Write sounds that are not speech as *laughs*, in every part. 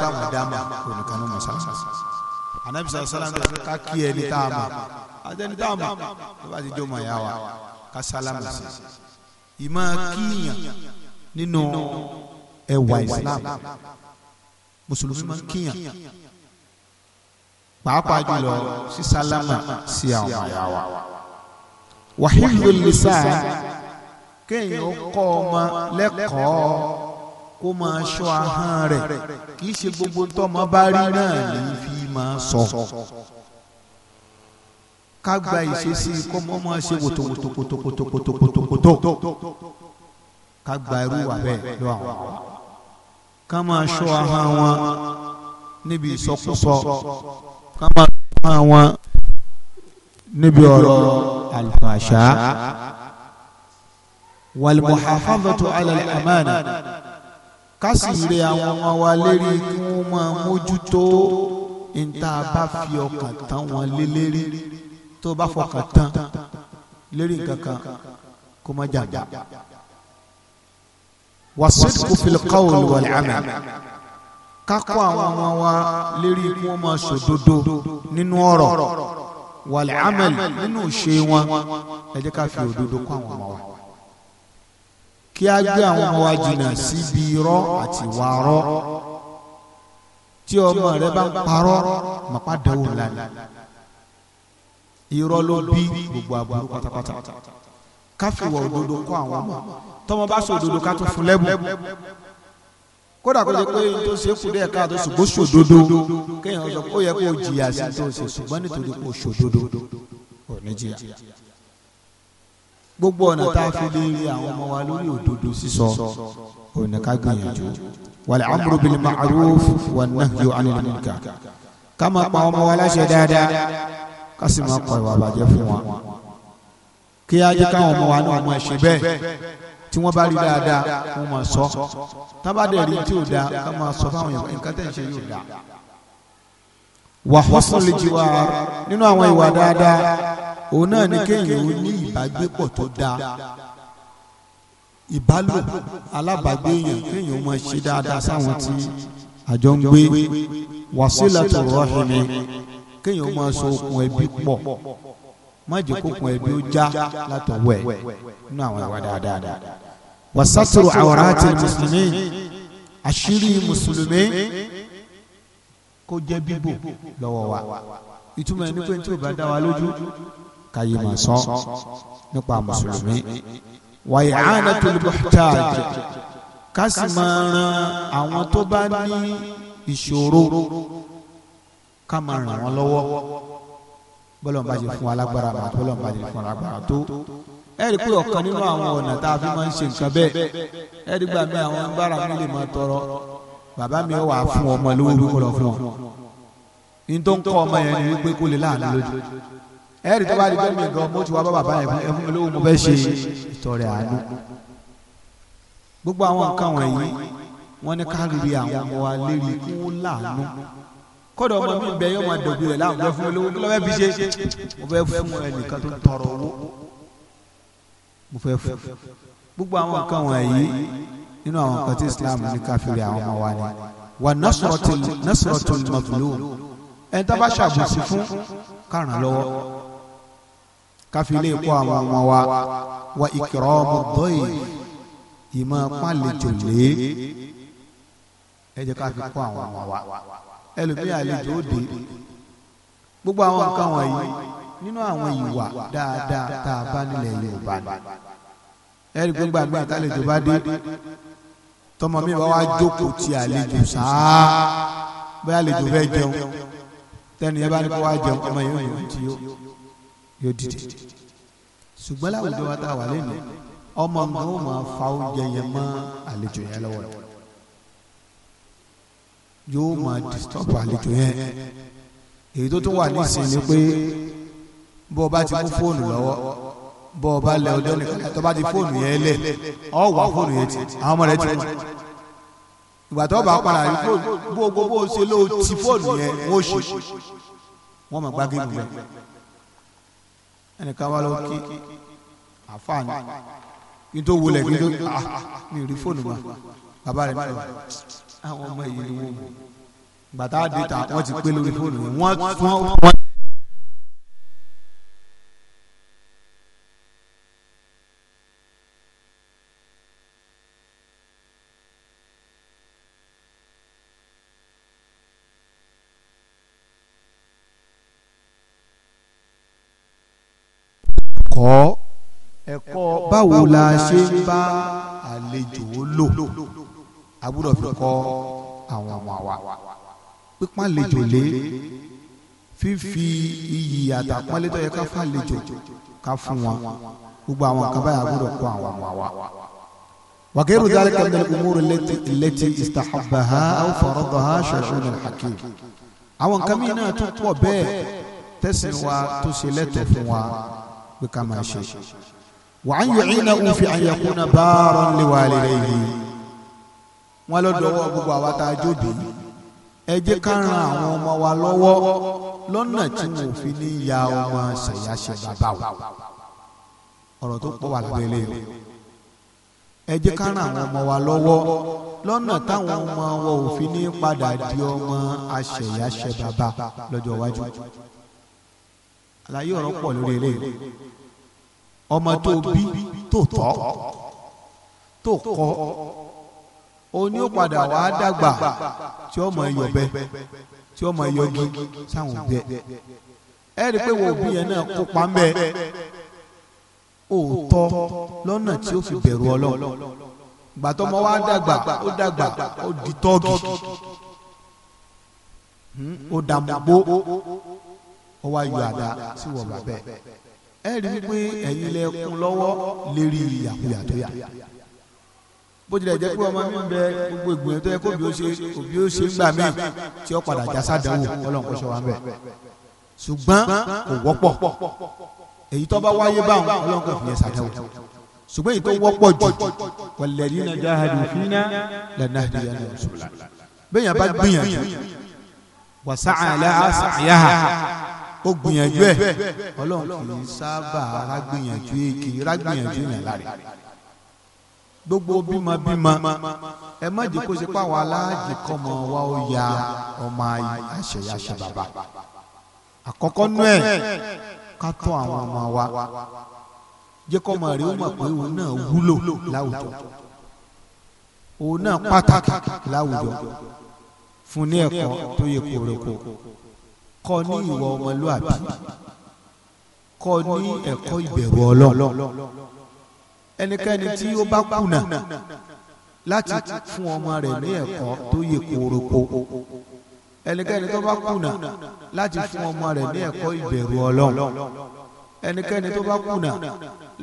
táwọn dá ma kò nìkan ló mọ̀ sá. anabi sọ sọlá ní ká kí ẹni tá a mọ̀ àtẹni tá a mọ̀ tó bá ti jó mọ̀ yá wa ká sálámù si i. ìmọ̀ kíyàn nínú ẹwà islam mùsùlùmí máa ń pàápàá jùlọ sí sálámà sí àwọn àyà wa. wàhíìlú lisan kéèyàn kọ́ ọmọ lẹ́kọ̀ọ́ kó máa ṣọ́ ahọ́n rẹ̀ kì í ṣe gbogbo tọ́mọ bá rí náà ní fi máa sọ. ká gba ìṣesí kó mọ́ máa ṣe wòtòwòtòkòtòkòtòkòtò ká gba irú wà bẹ́ẹ̀ lọ àwọn. ká máa ṣọ́ ahọ́n wọn níbi ìsọkúsọ ká máa ṣọ́ ahọ́n wọn níbi ọ̀rọ̀ àlùfàṣà wal muhafazatu ala al amana ká sì rẹ àwọn ọmọ wa lérí kí wọ́n máa mójútó níta bá fi ọkàn tán wọn lé lérí tó bá fọkàn tán lérí nǹkan kó má jàgbá. wasidqu fil qawli wal ká kọ́ àwọn ọmọ wa lérí kí wọ́n máa ṣòdodo nínú ọ̀rọ̀ wal amal nínú ìṣe wọn ẹ jẹ́ ká fi òdodo kọ́ àwọn ọmọ wa kí a gbé àwọn ọmọ wa jìnnà síbi irọ́ àti ìwà arọ́ tí ọmọ rẹ bá ń parọ́ màpá dánwò lánàá irọ́ ló bí gbogbo àbúrò pátápátá káfíwọ̀ òdodo kọ́ àwọn ọmọ tọmọ bá sọ òdodo ká tó fún lẹ́bù kódà kó lè pé tó ṣe kú dé tó ṣùgbọ́n ṣòdodo kéèyàn sọ pé ó yẹ kó jìyà sí tó ṣe ṣùgbọ́n nítorí kó ṣòdodo ò ní jìyà gbogbo ọ̀nà tá a fi lè rí àwọn ọmọ wa lórí òdodo sísọ ọ̀nà ká gbìyànjú wal amru bil ma'ruf wan nahyu anil munkar ká máa pa ọmọ wa láṣẹ dáadáa ká sì máa kọ ìwà bàjẹ́ fún wa kí á jẹ́ káwọn ọmọ wa náà máa ṣe bẹ́ẹ̀ tí wọ́n bá rí dáadáa wọ́n sọ tábàdẹ̀ rí tí ò da ká máa sọ fáwọn èèyàn nǹkan tẹ̀ ń ṣe yóò da. wa husnul jiwar nínú àwọn ìwà dáadáa òun náà ni kéèyàn ó ní ìbágbépọ̀ tó dáa ìbálò alábàgbé èèyàn kéèyàn ó máa ṣe dáadáa sáwọn tí àjọ ń gbé wasilatu rahimi kéèyàn ó máa so okùn ẹbí pọ̀ má kókùn ẹbí ó já látọwọ́ ẹ̀ nínú àwọn ìwà dáadáa wasaturu awrati muslimin àṣírí mùsùlùmí kó jẹ́ bíbò lọ́wọ́ wa ìtumọ̀ ẹni pé tí ò bá dá wa lójú káyé máa sọ nípa mùsùlùmí wàyí àánàtul muhtaj ká sì máa ran àwọn tó bá ní ìṣòro ká máa ràn wọ́n lọ́wọ́ bọ́lọ̀mù bá ṣe fún alágbára àti bọ́lọ̀mù bá ṣe fún alágbára tó ẹ̀rí pé ọ̀kan nínú àwọn ọ̀nà tá a fi máa ń ṣe nǹkan bẹ́ẹ̀ ẹ̀rí gbà mí àwọn agbára mi lè máa tọrọ bàbá mi wà fún ọmọ lówó wípé lọ fún ọ ní tó ń kọ́ ọmọ yẹn ni wípé kó lè láàánú lójú ẹ̀rí tó bá di bẹ́ẹ̀ mi gan mo ti wá bá bàbá yẹn fún ẹfún mi lówó mo fẹ́ ṣe ìtọrẹ àánú. gbogbo àwọn nǹkan wọ̀nyí wọ́n ní káàkiri àwọn ọmọ wa lérí kí wọ́n láàánú. kọ́dọ̀ ọmọ mi bẹ yóò máa dọ̀gbù rẹ̀ láwọn fẹ́ fún mi lówó lọ́wọ́ bí ṣe mo fẹ́ fún ẹnìkan tó tọrọ owó mo fẹ́ fún. gbogbo àwọn nǹkan wọ̀nyí nínú àwọn nǹkan tí Islam ní káàkiri àwọn ọmọ wa ni wà nasratul mazlum ẹni tá bá ṣàbòsí fún káràn lọ́wọ́ káfílẹ̀ kọ́ àwọn ọmọ wa wa ikramu dọ́yì ìmọ̀ pálẹ̀jò lé ẹ jẹ́ ká fi kọ́ àwọn ọmọ wa ẹlòmíì àlejò ó dé gbogbo àwọn nǹkan wọ̀nyí nínú àwọn ìwà dáadáa tá a bá nílẹ̀ Yorùbá ni ẹ̀rí gbogbo àgbà àtàlejò bá dé tọmọ mi bá wá jókòó ti àlejò sáá bẹ́ẹ̀ àlejò fẹ́ jẹun tẹ́niyẹ bá ní kó wá jẹun ọmọ yẹn yóò ti yóò dìde ṣùgbọ́n láwùjọ wa tá a wà lẹ́nu ọmọ nǹkan ó máa fa oúnjẹ yẹn mọ́ àlejò yẹn lọ́wọ́ rẹ̀ yóò máa disturb àlejò yẹn èyí tó tún wà nísìnyí ni pé bó o bá ti mú fóònù lọ́wọ́ bó o bá lẹ ọjọ́ nìkan tó bá ti fóònù yẹn lẹ̀ ọ wà fóònù yẹn ti àwọn ọmọ rẹ ti mú ìgbà tó bá padà rí fóònù bó o gbogbo o ṣe ló ti fóònù yẹn wọ́n ṣe wọ́n máa gbá géèmù yẹn ẹnìkan wà lọ́wọ́ kí àfààní kí n tó wọlé kí n tó ah, ah, ah, mi rí fóònù wa bàbá rẹ̀ nílò àwọn ọmọ èyí ni wọ́n mú gbàtà dé ta wọ́n ti pé lórí fóònù wọn wọ́n wọ́n. ẹ̀kọ́ ẹ̀kọ́ báwo la ṣe ń bá àlejò lò a fi kọ́ àwọn ọmọ wa pípọ́n àlejò lé fífi iyì àtàpọ́nlé tó yẹ ká fún àlejò ká fún wọn gbogbo àwọn nǹkan báyà gbọ́dọ̀ kọ́ àwọn ọmọ wa. وغير ذلك من الأمور التي التي استحبها أو فرضها شاشون الحكيم àwọn nǹkan mìíràn tó pọ̀ bẹ́ẹ̀ pé ká máa ṣe wà á yọ ìnà òfi àyẹ̀kúnà báárọ̀ níwà lẹ́yìn yìí wọn lọ́dọ̀ ọwọ́ gbogbo àwa tá a jóbi ẹ jẹ́ ká ran àwọn ọmọ wa lọ́wọ́ lọ́nà tí wọn fi ní ya ọmọ ṣẹ̀yàṣẹ̀ bàbá wa ọ̀rọ̀ tó pọ̀ wà lábẹ́lẹ́ o ẹ jẹ́ ká ran àwọn ọmọ wa lọ́wọ́ lọ́nà táwọn ọmọ wọn ò fi ní padà di ọmọ aṣẹ̀yàṣẹ̀ bàbá lọ́jọ́ iwájú àlàyé ọ̀rọ̀ pọ̀ lórí eléyìí ọmọ tó bí tó tọ́ tó kọ́ oní ó padà wá dàgbà tí ọmọ yọ̀bẹ tí ọmọ yọgi sáwọn bẹ ẹ rí i pé wo òbí yẹn náà kópa ń bẹ òótọ́ lọ́nà tí ó fi bẹ̀rù ọlọ́run gbàtọ́mọ wa dàgbà ó dàgbà ó di tọ́ọ̀gì ó dàmúgbó ó wá yọ àdá sí wọ bàbẹ ẹ rí i pé ẹ̀yin lẹ kún lọ́wọ́ lérí ìyàkuyà tó yà bó tilẹ̀ jẹ́ pé ọmọ mi bẹ gbogbo ìgbìyànjú tó yẹ kó bí ó ṣe òbí ó ṣe ń gbà mí tí ó padà já sádánwò ọlọ́run kò ṣe wá bẹ̀ ṣùgbọ́n kò wọ́pọ̀ èyí tó bá wáyé báwọn ọlọ́run kò fi yẹn ṣùgbọ́n èyí tó wọ́pọ̀ jù wàlẹ́rì náà jáhàdì fínà lẹ́nà àdìyẹ náà ṣùgbọ́n bẹ́ẹ̀ yẹn bá gbìyànjú wàsáàlà àṣàyà kó gbìyànjú ẹ Ọlọ́run kì í sábà rágbìyànjú èkì rágbìyànjú yàn lára gbogbo bímọbímọ ẹ má jẹ́ kó ṣe pa àwọn aláàjì kọmọ wa ó ya ọmọ àṣeyàṣe bàbá àkọ́kọ́ nú ẹ ká tọ́ àwọn ọmọ wa jẹ́ kọ́ ọmọ rẹ̀ ó mọ̀ pé òun náà wúlò láwùjọ òun náà pàtàkì láwùjọ fún ní ẹ̀kọ́ tó yẹ kórokò kọ́ ní ìwà ọmọlúàbí kọ́ ní ẹ̀kọ́ ìbẹ̀rù ọlọ́run ẹnikẹ́ni tí ó bá kùnà láti fún ọmọ rẹ̀ ní ẹ̀kọ́ tó yẹ kórópó ẹnikẹ́ni tó bá kùnà láti fún ọmọ rẹ̀ ní ẹ̀kọ́ ìbẹ̀rù ọlọ́run ẹnikẹ́ni tó bá kùnà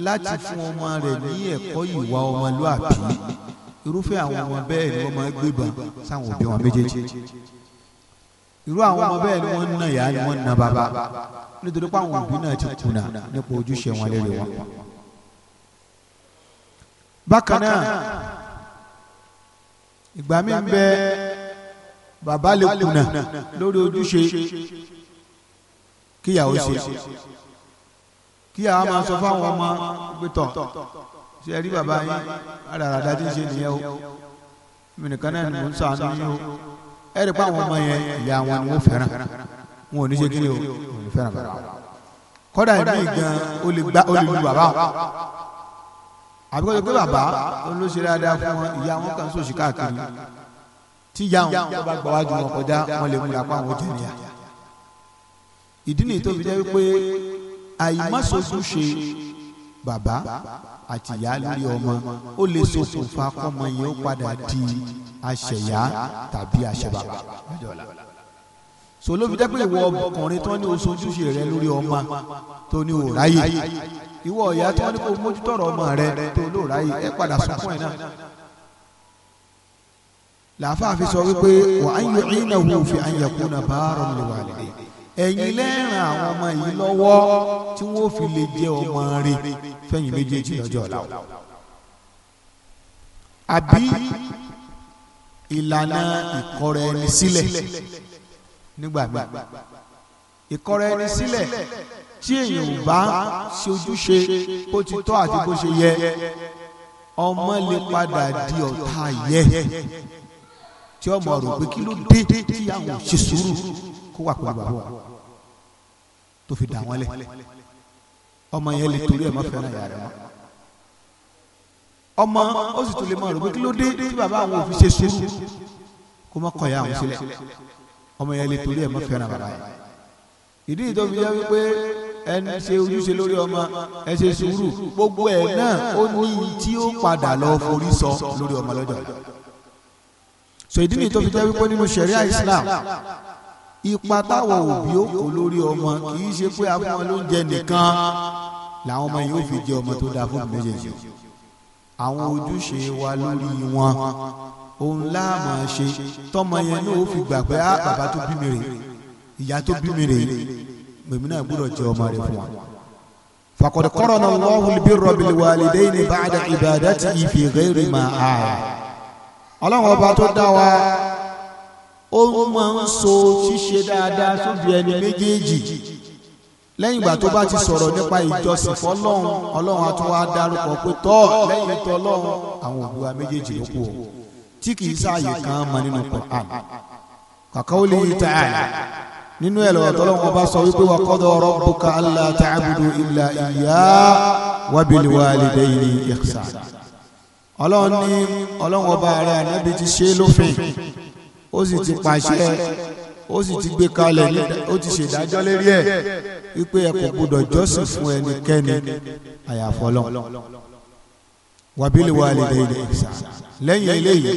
láti fún ọmọ rẹ̀ ní ẹ̀kọ́ ìwà ọmọlúàbí irúfẹ́ àwọn ọmọ bẹ́ẹ̀ ni wọ́n máa gbébọn sáwọn òbí wọn méjèèjì irú àwọn ọmọ bẹ́ẹ̀ ni wọ́n ń nà yá ni wọ́n ń nà bàbá nítorí pé àwọn òbí náà ti kùnà nípa ojúṣe wọn lérí wọn. bákan náà ìgbà mi ń bẹ bàbá lè kùnà lórí ojúṣe kíyàwó ṣe kíyàwó máa sọ fáwọn ọmọ gbẹtọ ṣe rí bàbá yín àràràdá tí ṣe nìyẹn o mìnìkan náà ni mò ń sàánú yín o ẹ rí i pé àwọn ọmọ yẹn ìyá wọn ni wọ́n fẹ́ràn wọn ò ní ṣe kí ni o ò ní fẹ́ràn bàbá wọn kọ́dà ìlú gan o lè gba o lè lu bàbá wọn àbí kọ́dà pé bàbá wọn dáadáa fún wọn ìyá wọn kan sòṣì káàkiri tí ìyá wọn tó bá gbọ́wájú wọn kọjá wọn lè múra pa àwọn jẹnìyà ìdí nìyí tó fi jẹ́ wípé àyè má sojú ṣe bàbá àtìyá lórí ọmọ ó lè ṣokùnfà kọ́mọ yẹn ó padà di àṣẹyá tàbí àṣẹbàbà sọlọ́bi dẹ́pẹ́ ìwọ ọkùnrin tó ní oṣooṣùṣe rẹ lórí ọmọ tó ní òòráyè ìwọ ìyá tó ní kó mójútọ́rọ̀ ọmọ rẹ tó lóòráyè ẹ padà sunkún ẹ̀ náà làáfàá fi sọ wípé wà yọ ẹ̀yìn náà wò fi àyẹ̀kú náà bá rọ̀ wà lẹ́ ẹ̀yin lẹ́ràn àwọn ọmọ yìí lọ́wọ́ tí wọ́n fi lè jẹ́ ọmọ rẹ̀ fẹ́yìn méjèèjì lọ́jọ́ ọ̀la àbí ìlànà ìkọrẹ ẹni sílẹ̀ nígbà míì ìkọrẹ ẹni sílẹ̀ tí èèyàn ò bá ṣe ojúṣe bó ti tọ́ àti bó ṣe yẹ ọmọ lè padà di ọ̀tá yẹ tí ọmọ rò pé kí ló dé tí àwọn ò ṣe sùúrù kó wà pẹ̀lú bàbá wa tó fi dà wọ́n lẹ̀ ọmọ yẹn lè torí ẹ̀ má fẹ́ràn ìyá rẹ̀ mọ́ ọmọ ó sì tún lè máa rò pé kí ló dé tí bàbá àwọn òfin ṣe sùúrù kó má kọ̀ ya àwọn sílẹ̀ ọmọ yẹn lè torí ẹ̀ má fẹ́ràn bàbá yẹn ìdí ìtọ́ fi jẹ́ wípé ẹ ń ṣe ojúṣe lórí ọmọ ẹ ṣe sùúrù gbogbo ẹ̀ náà ó ní tí ó padà lọ forí sọ lórí ọmọ lọ́jọ́ so ìdí nìyí fi jẹ́ wípé nínú ṣẹ̀ríà Islam ipa táwọn òbí ó kó lórí ọmọ kì í ṣe pé àwọn olóúnjẹ nìkan làwọn ọmọ yìí ó fi jẹ ọmọ tó dáa fún méjèèjì àwọn ojúṣe wa lórí wọn òun láàmà ṣe tọmọ yẹn náà ó fi gbà pé á bàbá tó bí mi rè ìyá tó bí mi rè mèmí náà gbọ́dọ̀ jẹ ọmọ rẹ fún wa. فقد قرن الله البر بالوالدين بعد عبادته في غير ما آية. ọlọ́run ọba tó dá wa ó máa ń so ṣíṣe dáadáa sóbi ẹni méjèèjì lẹ́yìn ìgbà tó bá ti sọ̀rọ̀ nípa ìjọsìn fọlọ́run ọlọ́run àti wàá darúkọ pé tọ́ lẹ́yìn tó ọlọ́run àwọn òbí wa méjèèjì ló kù ọ́ tí kì í sáàyè kan mọ nínú Qur'an kàkà ó lè yí ta àyè nínú ẹ̀ lọ́wọ́ tọ́lọ́run ọba sọ wípé wa qada rabbuka alla ta'budu illa iyyah wa bil walidayni ihsana ọlọ́run ní ọlọ́run ọba rẹ̀ ànábì ti ṣe lófin ó sì ti pàṣẹ ó sì ti gbé kalẹ̀ ó ti ṣèdájọ́ lérí ẹ̀ wípé ẹ kò gbọdọ̀ jọ́sìn fún ẹnikẹ́ni àyàfọ́lọ́ wàbílì wà lè dẹ́yìn ìsà lẹ́yìn eléyìí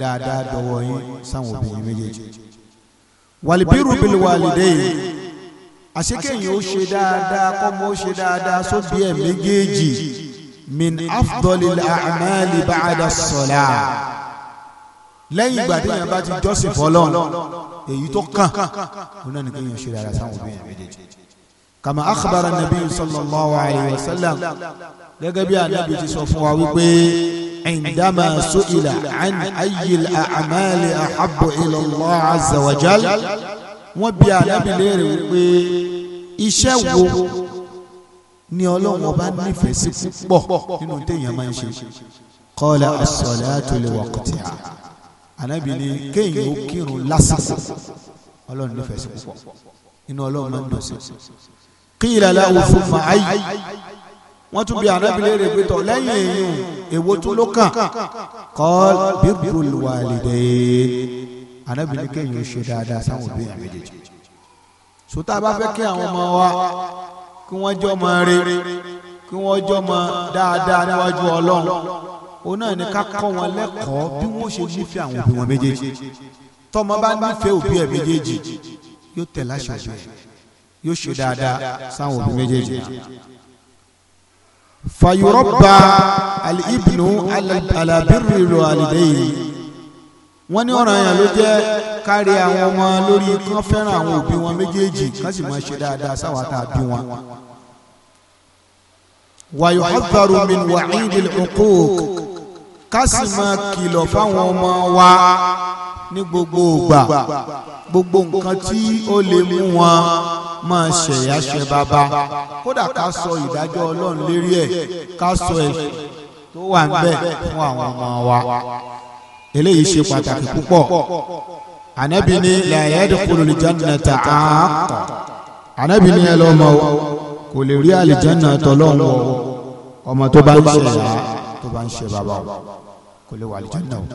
dáadáa dọ̀wọ́ yín sáwọn obìnrin méjèèjì wàlíbírù bílì wà lè dẹ́yìn àṣekẹ́yìn ó ṣe dáadáa kọ́mọ ó ṣe dáadáa sóbí ẹ̀ méjèèjì min afdolil amali ba'da sọ̀lá lẹ́yìn ìgbà téèyàn bá ti jọ́sìn fọlọ́run èyí tó kàn ó náà ní kéèyàn ṣe rárá sáwọn òbí yẹn méjèèjì. kàmá akhbara nabi sallallahu alayhi wa sallam gẹ́gẹ́ bí anabi ti sọ fún wa wípé indama su'ila an ayyil a'mali ahabbu ila Allah azza wọ́n bí anabi léèrè wípé iṣẹ́ wo ni ọlọ́run ọba nífẹ̀ẹ́ sí púpọ̀ nínú téèyàn máa ń ṣe qala as-salatu li waqtiha anabi ni kéèyàn ó kírun lásìkò ọlọ́run nífẹ̀ẹ́ sí púpọ̀ inú ọlọ́run máa ń dùn sí kí ìlàlá òfu fàáyì wọ́n tún bi anabi léèrè pé tọ̀ lẹ́yìn èèyàn èwo tún ló kàn kọ́ birrul walidayn anabi ni kéèyàn ó ṣe dáadáa sáwọn òbí yàrá méjèèjì sọtá bá fẹ́ kí àwọn ọmọ wa kí wọ́n jọ mọ rere kí wọ́n jọ mọ dáadáa níwájú ọlọ́run òun náà ni ká kọ́ wọn lẹ́kọ̀ọ́ bí wọ́n ṣe nífẹ̀ẹ́ àwọn òbí wọn méjèèjì tọ́mọ bá nífẹ̀ẹ́ òbí ẹ̀ méjèèjì yóò tẹ̀ láṣẹ ọ̀ṣẹ́ yóò ṣe dáadáa sáwọn òbí méjèèjì. fayurọ́bà alìbìnú alábìrì rọ àlìdẹ́yìn wọ́n ní ọ̀ràn yẹn ló jẹ́ kárí àwọn ọmọ lórí kán fẹ́ràn àwọn òbí wọn méjèèjì kán sì máa ṣe dáadáa sáwọn àtàbí wọn. wàyọ̀ hàbàrù min wàhídìl ọkọ̀ọ̀kọ̀ ká sì máa kìlọ̀ fáwọn ọmọ wa ní gbogbo ògbà gbogbo nǹkan tí ó lè mú wọn máa ṣẹ̀yà ṣe bàbá kódà ká sọ ìdájọ́ ọlọ́run lérí ẹ̀ ká sọ ẹ̀sùn tó wà ń fún àwọn ọmọ wa eléyìí ṣe pàtàkì púpọ̀ ànábì ní la yadkhulul jannata àákọ ànábì ní ẹlọmọ kò lè rí àlìjánná tọlọ́run ọmọ tó bá ń ṣẹ̀yà bá ń ṣe bàbá o kò lè wà àlùjánnà o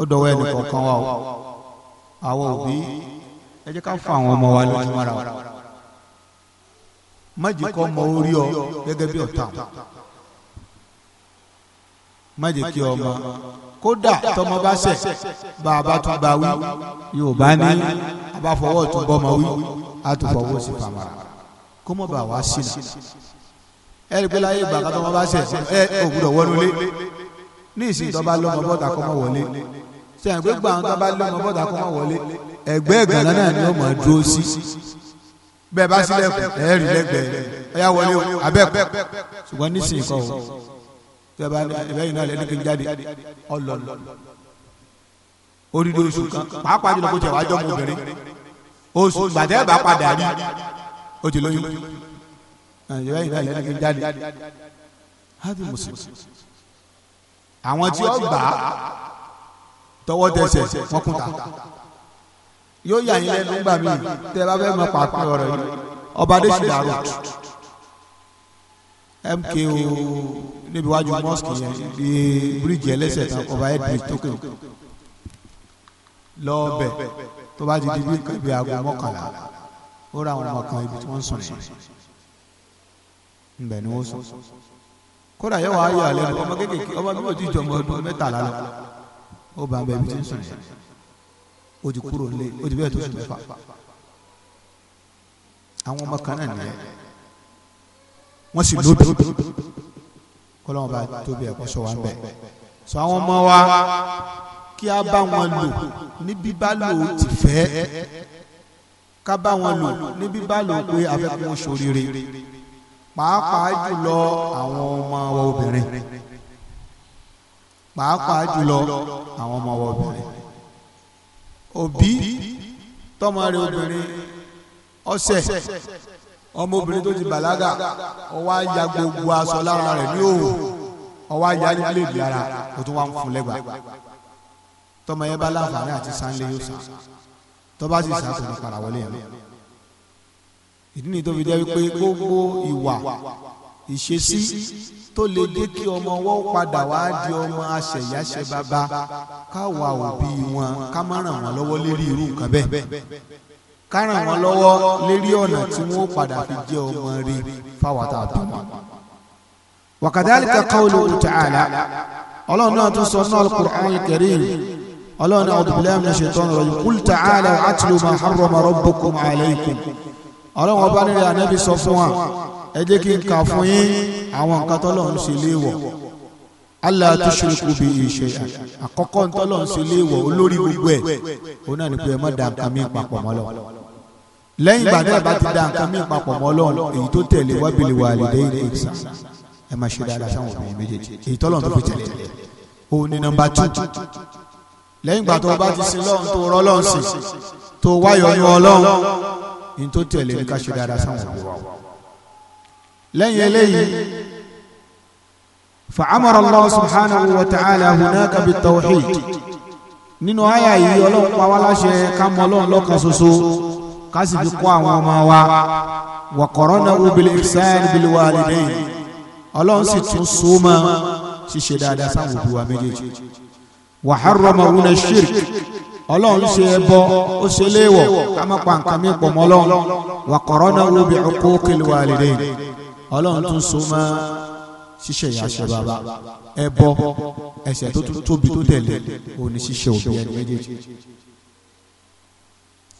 ó dọwọ́ ẹnì kọ̀ọ̀kan wa o àwọn òbí ẹ jẹ́ ká fún àwọn ọmọ wa lójú mọ́ra o májè kọ́ ọmọ orí ọ gẹ́gẹ́ bí ọ̀tá májè kí ọmọ kódà tọmọ bá ṣẹ̀ bàbá tún bá wí yóò bá ní abáfọwọ́ tún bọ́ ọmọ wí àtúfọwọ́ sí pàmò kó mọ̀ bá wa sí ẹ rí i pé láyé ìgbà kan tó wọn bá ṣẹ̀ ẹ ò gbúdọ̀ wọlé ní ìsìn tó bá lọ́mọ bọ́ta kọ́ mọ́ wọlé ṣe àgbẹ̀ gbà wọn tó bá lọ́mọ bọ́ta kọ́ mọ́ wọlé ẹgbẹ́ ìgànnà náà ni ọmọ dúró sí bẹ́ẹ̀ bá sílẹ̀kùn ẹ rí lẹ́gbẹ̀ẹ́ ọ̀yá wọlé o abẹ́kù ṣùgbọ́n ní ìsìn kọ́ o tẹ́ bá ìbẹ́yìn náà lẹ́nu kí n jáde ọlọ́lọ́ oríire oṣù kan pàápàá jùlọ kó tẹ̀ wájọ́ mọ́ obìnrin oṣù gbàdẹ́ bá padà rí o ti lóyún ìyá ìyá ìyá ìyá jáde hadi mùsùlùmí àwọn tí ó gbà á tọwọ́ wọn kún yóò yà yín lẹ́nu gbà mí tẹ bá fẹ́ mọ pàápàá ọ̀rọ̀ yìí ọba adé sì dàrú mko níbi wájú mosque yẹn di bíríìjì ẹlẹ́sẹ̀ tán ọba head bridge tó kéwòn lọ́ọ̀bẹ̀ tó bá ti di bí nǹkan ibi aago mọ́kànlá ó ra àwọn ọmọ kan ibi tí wọ́n ń sùn sí nbẹ ni wọn sọ kódà yẹ wàá yọ àlẹ ọmọ kékeré ọmọ mi ò ti jọ ọmọ ọdún mẹ́tàlá lọ ó bá bẹ ibi tí ń sùn yẹn ó ti kúrò lé ó ti bẹ́ẹ̀ tó sùn mẹ́fà àwọn ọmọ kan náà nìyẹn wọ́n sì lóbi kọ́lọ́wọ́n bá tóbi ẹ̀kọ́ sọ wá ń bẹ̀ sọ àwọn ọmọ wa kí a bá wọn lò ní bíbá lò ó ti fẹ́ ká bá wọn lò ní bíbá lò pé a fẹ́ kí wọ́n ṣoríire pàápàá jùlọ àwọn ọmọ wa obìnrin pàápàá jùlọ àwọn ọmọ wa obìnrin òbí tọmọ rẹ̀ obìnrin ọsẹ ọmọ obìnrin tó ti bàlágà ọwọ àyà gbogbo aṣọ lára rẹ̀ ní òòrùn ọwọ àyà lébi ara kó tó wà ń fún lẹgbàá tọmọ yẹn bá láǹfààní àti sanlé yóò sàn tọba sì sàn tó ní parawọlé yẹn lọ ìdí nìyí tó fi jẹ́ wípé gbogbo ìwà ìṣesí tó lè dé kí ọmọ wọn padà wá di ọmọ aṣẹ̀yáṣẹ bàbá káwa òbí wọn ká má ràn wọn lọ́wọ́ lérí irú nǹkan bẹ́ẹ̀ ká ràn wọn lọ́wọ́ lérí ọ̀nà tí wọ́n padà fi jẹ́ ọmọ rí fáwọn tá a bí wọn. wa kadhalika qawluhu ta'ala ọlọ́run náà tún sọ náà al-Qur'an ọlọ́run náà a'udhu billahi minash shaitanir rajim qul ta'ala atlu ọlọ́run ọba nílẹ̀ ànábì sọ fún wa ẹ jẹ́ kí n kà fún yín àwọn nǹkan tọ́lọ̀ ń ṣe léèwọ̀ Allah tushriku bi shay'an àkọ́kọ́ ń tọ́lọ̀ ń ṣe léèwọ̀ olórí gbogbo ẹ̀ òun náà ní pé ẹ má da nǹkan mí papọ̀ mọ́ lọ. lẹ́yìn ìgbà náà bá ti da nǹkan mí papọ̀ mọ́ lọ èyí tó tẹ̀lé wa bil walidayni ihsan ẹ máa ṣe dáadáa sáwọn obìnrin méjèèjì èyí tọ́lọ̀ tó fi tẹ̀lé òun ni nọmba two lẹ́yìn ìgbà tó o bá ti sin lọ́run ní tó tẹ̀lé ní ká ṣe dáadáa sáwọn òbí wa lẹ́yìn eléyìí fa'amara allah subhanahu wa ta'ala hunaka bi tawhid nínú àyà yìí ọlọ́run pa wá láṣẹ ká mọ ọlọ́run lọ́kan ṣoṣo ká sì fi kọ́ àwọn ọmọ wa wa qaranahu bil ihsan bil walidayn ọlọ́run sì tún so mọ́ ṣíṣe dáadáa sáwọn òbí wa méjèèjì wa harrama huna shirk ọlọ́run ṣe ẹbọ ó ṣe léèwọ̀ ká má pa nǹkan mi pọ̀ mọ́ ọlọ́run wa qaranahu bi uquqil walidayn ọlọ́run tún so mọ́ ṣíṣe ìyàṣẹ bàbá ẹbọ ẹ̀ṣẹ̀ tó tóbi tó tẹ̀lé òní ṣíṣe òbí ẹni méjèèjì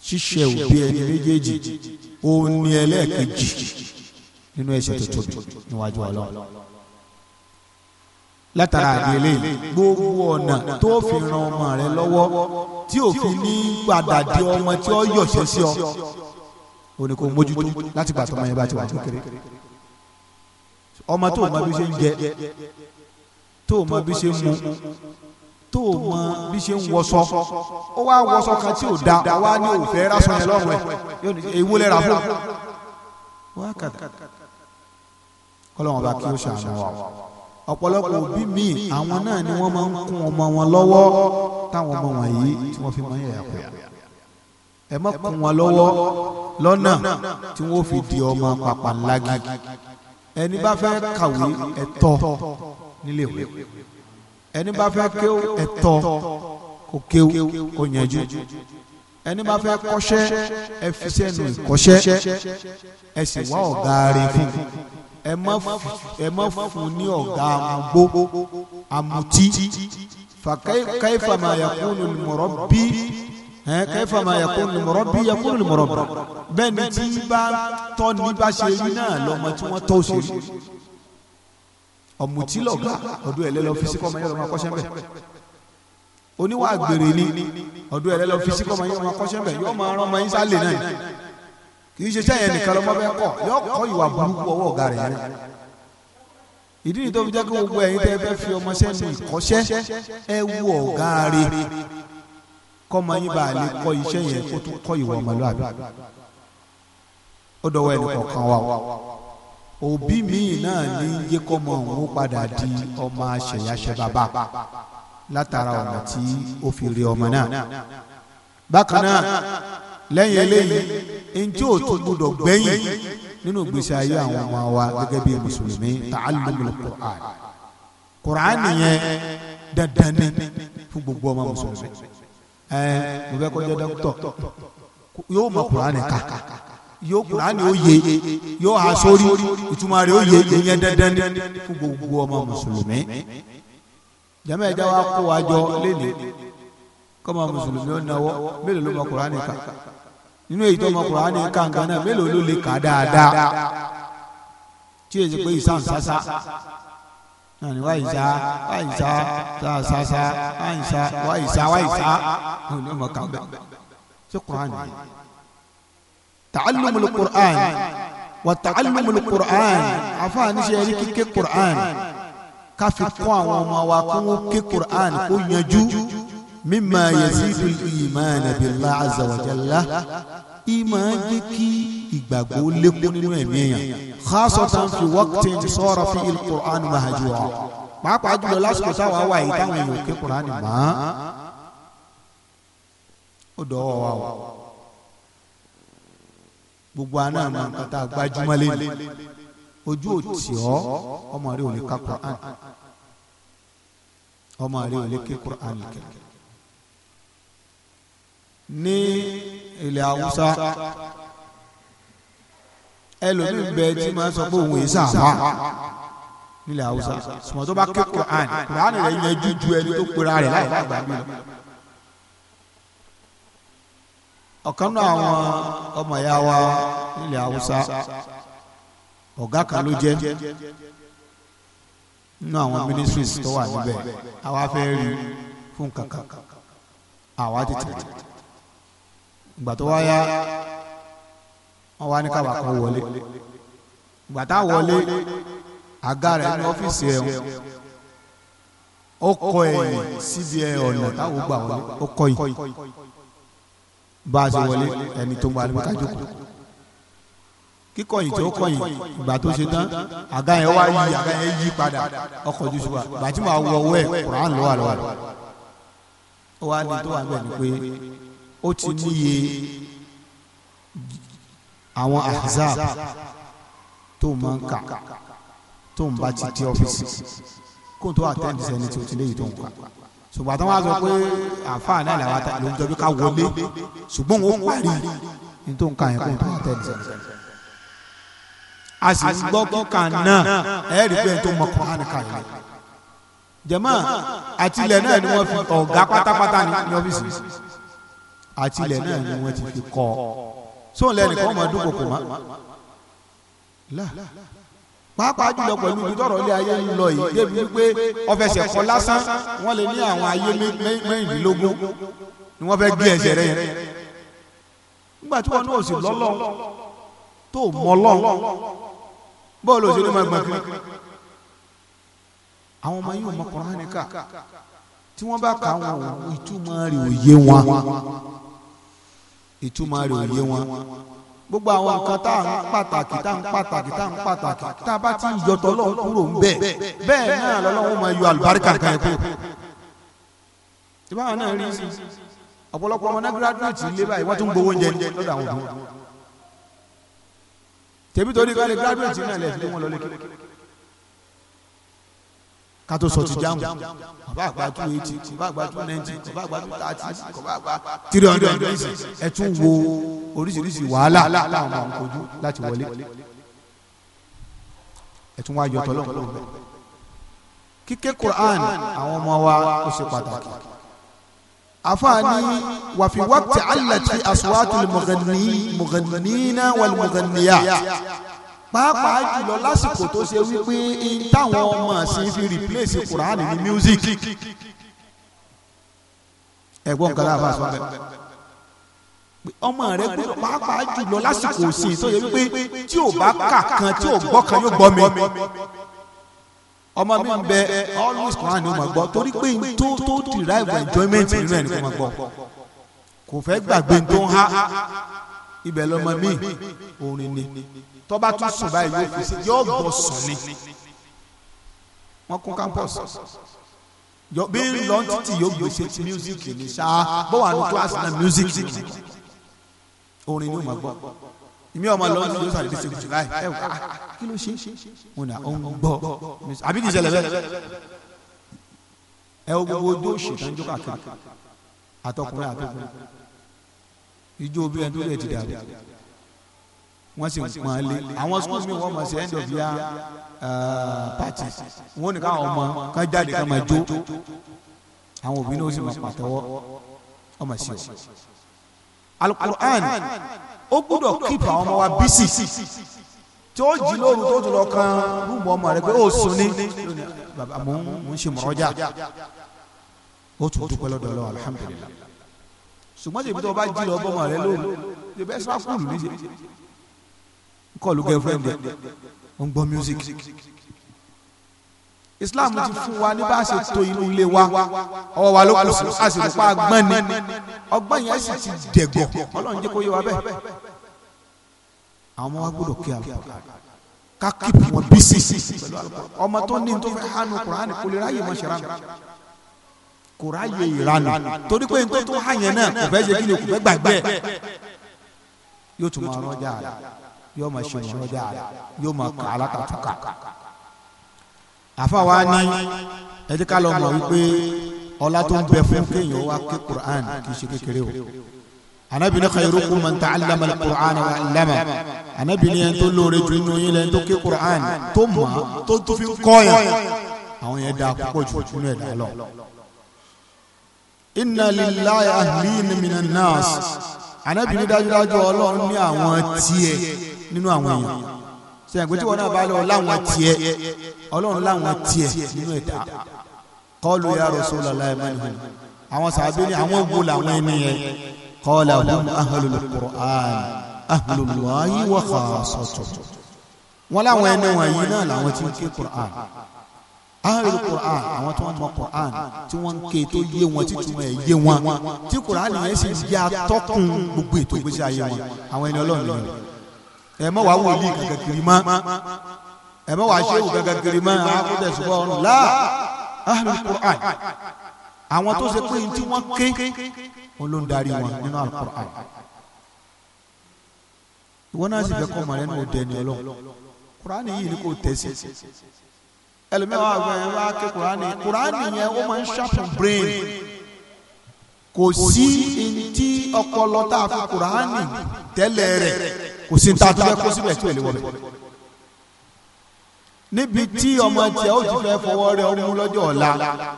ṣíṣe òbí ẹni méjèèjì òní ẹlẹ́ẹ̀kejì nínú ẹ̀ṣẹ̀ tó tóbi níwájú ọlọ́run látara àdìyẹlẹ gbogbo ọ̀nà tó fi ran ọmọ rẹ lọ́wọ́ tí òfin ní padà di ọmọ tí ó yọ̀ ṣẹ́ṣẹ́ ọ o ní kò mójútó láti gbà tó ọmọ yẹn bá ti wà tó kéré ọmọ tó mọ bí ṣe ń jẹ tó mọ bí ṣe ń mu tó mọ bí ṣe ń wọṣọ ó wá wọṣọ kan tí ò da àwa ní òfẹ́ rásọ yẹn lọ́rùn ẹ̀ èwo lẹ́ra fún wa kàtà kọ́lọ́wọ́n bá kí ó ṣàánú wa ọ̀pọ̀lọpọ̀ òbí mi àwọn náà ni wọ́n máa ń kún ọmọ wọn lọ́wọ́ táwọn ọmọ wọ̀nyí tí wọ́n fi máa ń yàyà kúyà ẹ má kún wọn lọ́wọ́ lọ́nà tí wọ́n fi di ọmọ pàpà ńlági ẹni bá fẹ́ kàwé ẹ̀tọ́ nílé ìwé ẹni bá fẹ́ kéwú ẹ̀tọ́ kó kéwú kó yanjú ẹni bá fẹ́ kọ́ṣẹ́ ẹ fi sẹ́nu ìkọ́ṣẹ́ ẹ sì wá ọ̀gá rẹ̀ fún un ẹ má fún ní ọ̀gá àmúgbó àmùtí fàkàìfà máa yakunu murabbi kàìfà máa yakunu murabbi yakunu murabbi bẹ́ẹ̀ ni tí bá tọ́ ní bá ṣe rí náà lọ́mọ tí wọ́n tọ́ ṣe rí ọ̀mùtí lọ̀gá ọdún ẹ̀lẹ́ lọ fi síkọ́ ọmọ yẹn lọ́mọ akọ́ṣẹ́ mbẹ́ oníwà àgbèrè ni ọdún ẹ̀lẹ́ lọ fi síkọ́ ọmọ yẹn lọ́mọ akọ́ṣẹ́ mbẹ́ yóò máa rán ọmọ yín sálẹ̀ náà kì í ṣe sẹ́yìn nìkan lọ́mọ bẹ́ẹ̀ kọ̀ yọ kọ́ ìwà burúkú ọwọ́ ọ̀gá rẹ̀ yẹn ìdí nìyí tó fi jẹ́ kí gbogbo ẹ̀yin tẹ́ fẹ́ fi ọmọ sẹ́nu ìkọ́ṣẹ́ ẹ wú ọ̀gá rẹ̀ kọ́mọ yín bá a lè kọ́ iṣẹ́ yẹn kó tún kọ́ ìwà ọmọlúwàbí ó dọ̀wọ́ ẹnì kọ̀ọ̀kan wa òbí míì náà ní yé kọ́mọ òun padà di ọmọ aṣẹ̀yàṣẹ bàbá látara ọ̀nà tí ó fi rí ọmọ náà bákan náà lẹ́yìn eléyìí njẹ́ ò tún gbọdọ̀ gbẹ́yìn nínú ìgbésí ayé àwọn ọmọ wa gẹ́gẹ́ bí mùsùlùmí ta'allumul Qur'an Qur'an yẹn dandan ni fún gbogbo ọmọ mùsùlùmí ẹ mo fẹ́ kọjá dókítọ̀ yóò mọ Qur'an ká yóò Qur'an yóò yé yóò há sórí ìtumọ̀ rẹ̀ yóò yé yẹn dandan ni fún gbogbo ọmọ mùsùlùmí jama ẹja wa kó wa jọ lẹ́nu kọ́mọ mùsùlùmí ó náwó mélòó ló mọ Qur'an ká nínú èyí tó mọ kùránì kankan náà mélòó ló lè kà dáadáa tí èyí pé ìsànsásá nani wa isa wa isa sa sa sa wa isa wa isa wa isa ọ ní ọmọ kan bẹ ṣe quran yìí ta'allumul quran wa ta'allumul quran afaani ṣe yẹri kíké quran káfi kọ́ àwọn ọmọ wa kó ké quran kó yanjú mímà yazidu ìmáàna billahi azza wa jalla ìmọ̀ jẹ́ kí ìgbàgbọ́ lékún nínú ẹ̀mí èèyàn khasatan fi waqtin sara fi al-Qur'an mahjura pàápàá jùlọ lásìkò táwa wà yìí táwọn èèyàn òkè Qur'an mọ́ ó dọ̀wọ́ wa o gbogbo àná àmọ́ nǹkan tá ojú òtí ọ́ ọmọ rẹ̀ ò lè ka Qur'an ọmọ rẹ̀ ò lè ké Qur'an kẹ̀kẹ́ ní ilẹ̀ haúsá ẹlòmíì bẹ tí máa sọ pé òun èsà wá nílẹ̀ haúsá sùmọ́ bá ké Quran Quran rẹ̀ yẹn jújú ẹni tó pera rẹ̀ láì lágbàá mi lọ. ọ̀kan náà àwọn ọmọ ìyá wa nílẹ̀ haúsá ọ̀gá kan ló jẹ́ nínú àwọn ministries tó wà níbẹ̀ àwa fẹ́ rí fún kankan àwa ti tètè ìgbà tó wáyà wọn wá ní káwa kan wọlé ìgbà tá a wọlé àga rẹ ní ọ́fíìsì ẹ̀ ó kọ ẹ̀yìn síbi ẹ̀ ọ̀nà táwọn gbà wọlé ó kọ yìí bá a ṣe wọlé ẹni tó ń gba ẹni ká jókòó kíkọ yìí tí ó kọ yìí ìgbà tó ṣe tán àga yẹn wá yí àga yẹn yí padà ọkọ̀ ojú ṣùgbọ́n ìgbà tí màá wọ ọwọ́ ẹ̀ kùrán lọ́wọ́ àlọ́wọ́ àlọ́ ó wá ní tó wà ń bẹ̀ ni pé ó ti níye àwọn ahzab tó máa ń kà tó ń bá ti di ọ́fíìsì kó tó àtẹ́ǹdì sẹ́ni tí o ti léyìí tó ń kà ṣùgbọ́n àtàwọn àzọ pé àáfàá náà làwọn àtàwọn ló ń jọ bí ká wọlé ṣùgbọ́n òun parí ní tó ń kà yẹn kó tó àtẹ́ǹdì sẹ́ni a sì ń gbọ́ kíkà náà ẹ̀ẹ́dì bẹ́ẹ̀ tó mọ̀ kọ́ ànìkà yìí jẹ̀mọ́ àtìlẹ̀ náà ni wọ́n fi ọ̀gá pátápátá ní ọ́fíìsì àtilẹ̀ náà ni wọ́n ti fi kọ́ ọ sóun lẹ́nu kọ́ máa dúnkokò mọ́ là pàápàá jùlọ pẹ̀lú ibi tọ̀rọ̀ ilé ayé ń lọ yìí débi wípé ọfẹsẹ̀ kọ lásán wọ́n lè ní àwọn ayé mẹ́rìndínlógún ni wọ́n fẹ́ gbé ẹsẹ̀ rẹ̀ yẹn nígbà tí wọn náà sì lọ́lọ́ tó mọ́ lọ́n bọ́ọ̀lù òṣèlú máa gbọ̀n kiri àwọn ọmọ yìí ò mọ Kùránì kà tí wọ́n bá kà á wọn ìtumọ̀ rẹ̀ ò wọn ìtumọ̀ rẹ̀ ò yé wọn gbogbo àwọn nǹkan tá à ń pàtàkì tá à ń pàtàkì tá à ń pàtàkì tá a bá ti yọtọ̀ lọ́wọ́ kúrò ń bẹ̀ bẹ́ẹ̀ náà lọ́wọ́ máa yọ àlùbáríkà kan yẹn kúrò. ìbáwọn náà rí ọ̀pọ̀lọpọ̀ ọmọ náà gírádùrìtì ilé báyìí wọ́n tún gbowó oúnjẹ lọ́dọ̀ àwọn òbí wọn. tèmi gírádùrìtì náà lẹ̀ fi wọn lọ lékè ká tó sọ ti jáàmù bàbá àgbà two eighty bàbá àgbà two ninety bàbá àgbà two thirty bàbá àgbà three hundred ninety ẹ tún wo oríṣiríṣi wàhálà táwọn máa ń kojú láti wọlé ẹ tún wá yọtọ lọ́wọ́ lọ́wọ́ kíké Quran àwọn ọmọ wa ó ṣe pàtàkì afaani wafi waqti allati aswaatul mugannina wal muganniyat pàápàá jùlọ lásìkò tó ṣe wípé in táwọn ọmọ àsìn fi replace quran ní music ẹ̀gbọ́n nǹkan láfa sọ bẹ́ẹ̀ ọmọ rẹ gbọ́dọ̀ pàápàá jùlọ lásìkò òsìn tó yẹ wípé tí ò bá kà kan tí ò gbọ́ kan yóò gbọ́ mi ọmọ mi ń bẹ always quran ni ó máa gbọ́ torí pé tó tó derive enjoyment nínú ẹ̀ ní kò máa gbọ́ kò fẹ́ gbàgbé tó ń há ibẹ̀ lọ́mọ mi òun ni tó bá tún sùn báyìí yóò fi ṣe yóò gbọ́ sùn ni wọ́n kún campus bí lọ títí yóò gbèsè ti music ni ṣáá bó wà ní kíláàsì náà music ni orin ni ó máa gbọ́ ìmí ọmọ lọ ní joseph àdìsí kùtù láì ẹ wò á ah, kí ló ṣe wọn náà ń gbọ́ àbí kì í ṣẹlẹ̀ bẹ́ẹ̀ ẹ wo gbogbo ojú òṣèlú ẹjọ́ káàkiri àtọkùnrin àtọkùnrin ìjọ obìnrin tó lè ti dàrú wọ́n sì ń pọ́n lé àwọn sukùl mi wọ́n mọ̀ sí end of year uh, uh, party wọ́n ní káwọn ọmọ kan jáde ká máa jó àwọn òbí náà sì máa pàtẹ́wọ́ ọmọ sí o. alukur'an ó gbúdọ̀ keep àwọn ọmọ wa bísí tí ó jí lóru tó tún lọ kan rúùmù ọmọ rẹ pé ó sùn ní bàbá mò ń ṣe mọ̀rọ́jà ó tún dúpẹ́ lọ́dọ̀ ọlọ́wọ́ alihamudulilayi ṣùgbọ́n ṣèbí tó bá jí lọ bọ́mọ rẹ lóru ṣèbí ẹ kọlu girlfriend ẹ ń gbọ́ music islam ti fún wa ní bá a ṣe to inú ilé wa ọwọ́ wa ló kù sí a sì fún agbọ́n ni ọgbọ́n yẹn sì ti dẹ̀gọ̀ ọlọ́run jẹ́ kó yé wa bẹ́ẹ̀ àwọn wa gbọ́dọ̀ kí alùpàá ká kíkì wọn bí sí pẹ̀lú alùpàá ọmọ tó ní tó fẹ́ hánu kùránì kò lè ráyè mọ́ ṣẹ̀ránù kò ráyè ìranù torí pé nítorí tó hàn yẹn náà kò fẹ́ ṣe kí ni kò fẹ́ gbàgbé yóò tún máa rọjà rẹ̀ yóò máa ṣe ìṣòro dáadáa yóò máa kà á látàtúkà. àfa wa ní ẹdí ká lọ mọ̀ wípé ọlá tó ń bẹ fún kéèyàn wá ké Qur'an kì í ṣe kékeré o. anabi ní khayrukum man ta'allama al-Qur'ana wa 'allama anabi ní ẹni tó lóore jù nínú yín lẹ́ni tó ké Qur'an tó mọ̀ tó fi kọ́ àwọn yẹn dáa púpọ̀ jù nínú ẹ̀dá lọ. inna lillahi ahlin minan nas anabi ní dájúdájú ọlọ́run ní àwọn tiẹ̀ nínú àwọn èèyàn sẹ́yìn pé tí wọ́n náà bá lọ láwọn tiẹ̀ ọlọ́run láwọn tiẹ̀ nínú ẹ̀dá kọ́ọ̀lù ya Rasulullah mẹ́rin àwọn sàbí ni àwọn wo làwọn ẹni yẹn kọ́ọ̀lù hum ahlul Qur'an ahlullahi wa khassatuhu wọn láwọn ẹni wọ̀nyí náà làwọn ti ń ké Qur'an ahlul Qur'an àwọn tí wọ́n mọ Qur'an tí wọ́n ń ké tó yé wọn tí túmọ̀ ẹ̀ yé wọn tí Qur'an yẹn sì yà tọ́kùn gbogbo ètò ìgbésí ayé wọn àwọn ẹni ọlọ́run yẹn ẹ mọ wàá wòlíì kankan kiri mọ ẹ mọ wàá ṣéwù kankan kiri mọ akótẹ ṣùgbọ́n ọrùn la ahlul qur'an àwọn tó ṣe pé tí wọ́n ké wọn ló ń darí wọn nínú alukur'an ìwọ náà sì fẹ́ kọ́ màrẹ́ ní òde ẹni ọlọ́run kuraani yìí ni kò tẹ̀sí ẹlòmíràn àgbà yẹn wá ké kuraani kuraani yẹn ó máa ń sharpen brain kò sí ntí ọpọlọ tá a fi kuraani tẹ́lẹ̀ rẹ̀ kò sí ta tó fẹ́ kó síbẹ̀ tí ò lè wọ bẹ̀. níbi tí ọmọ tiẹ̀ ó ti fẹ́ fọwọ́ rẹ ọmú lọ́jọ́ ọ̀la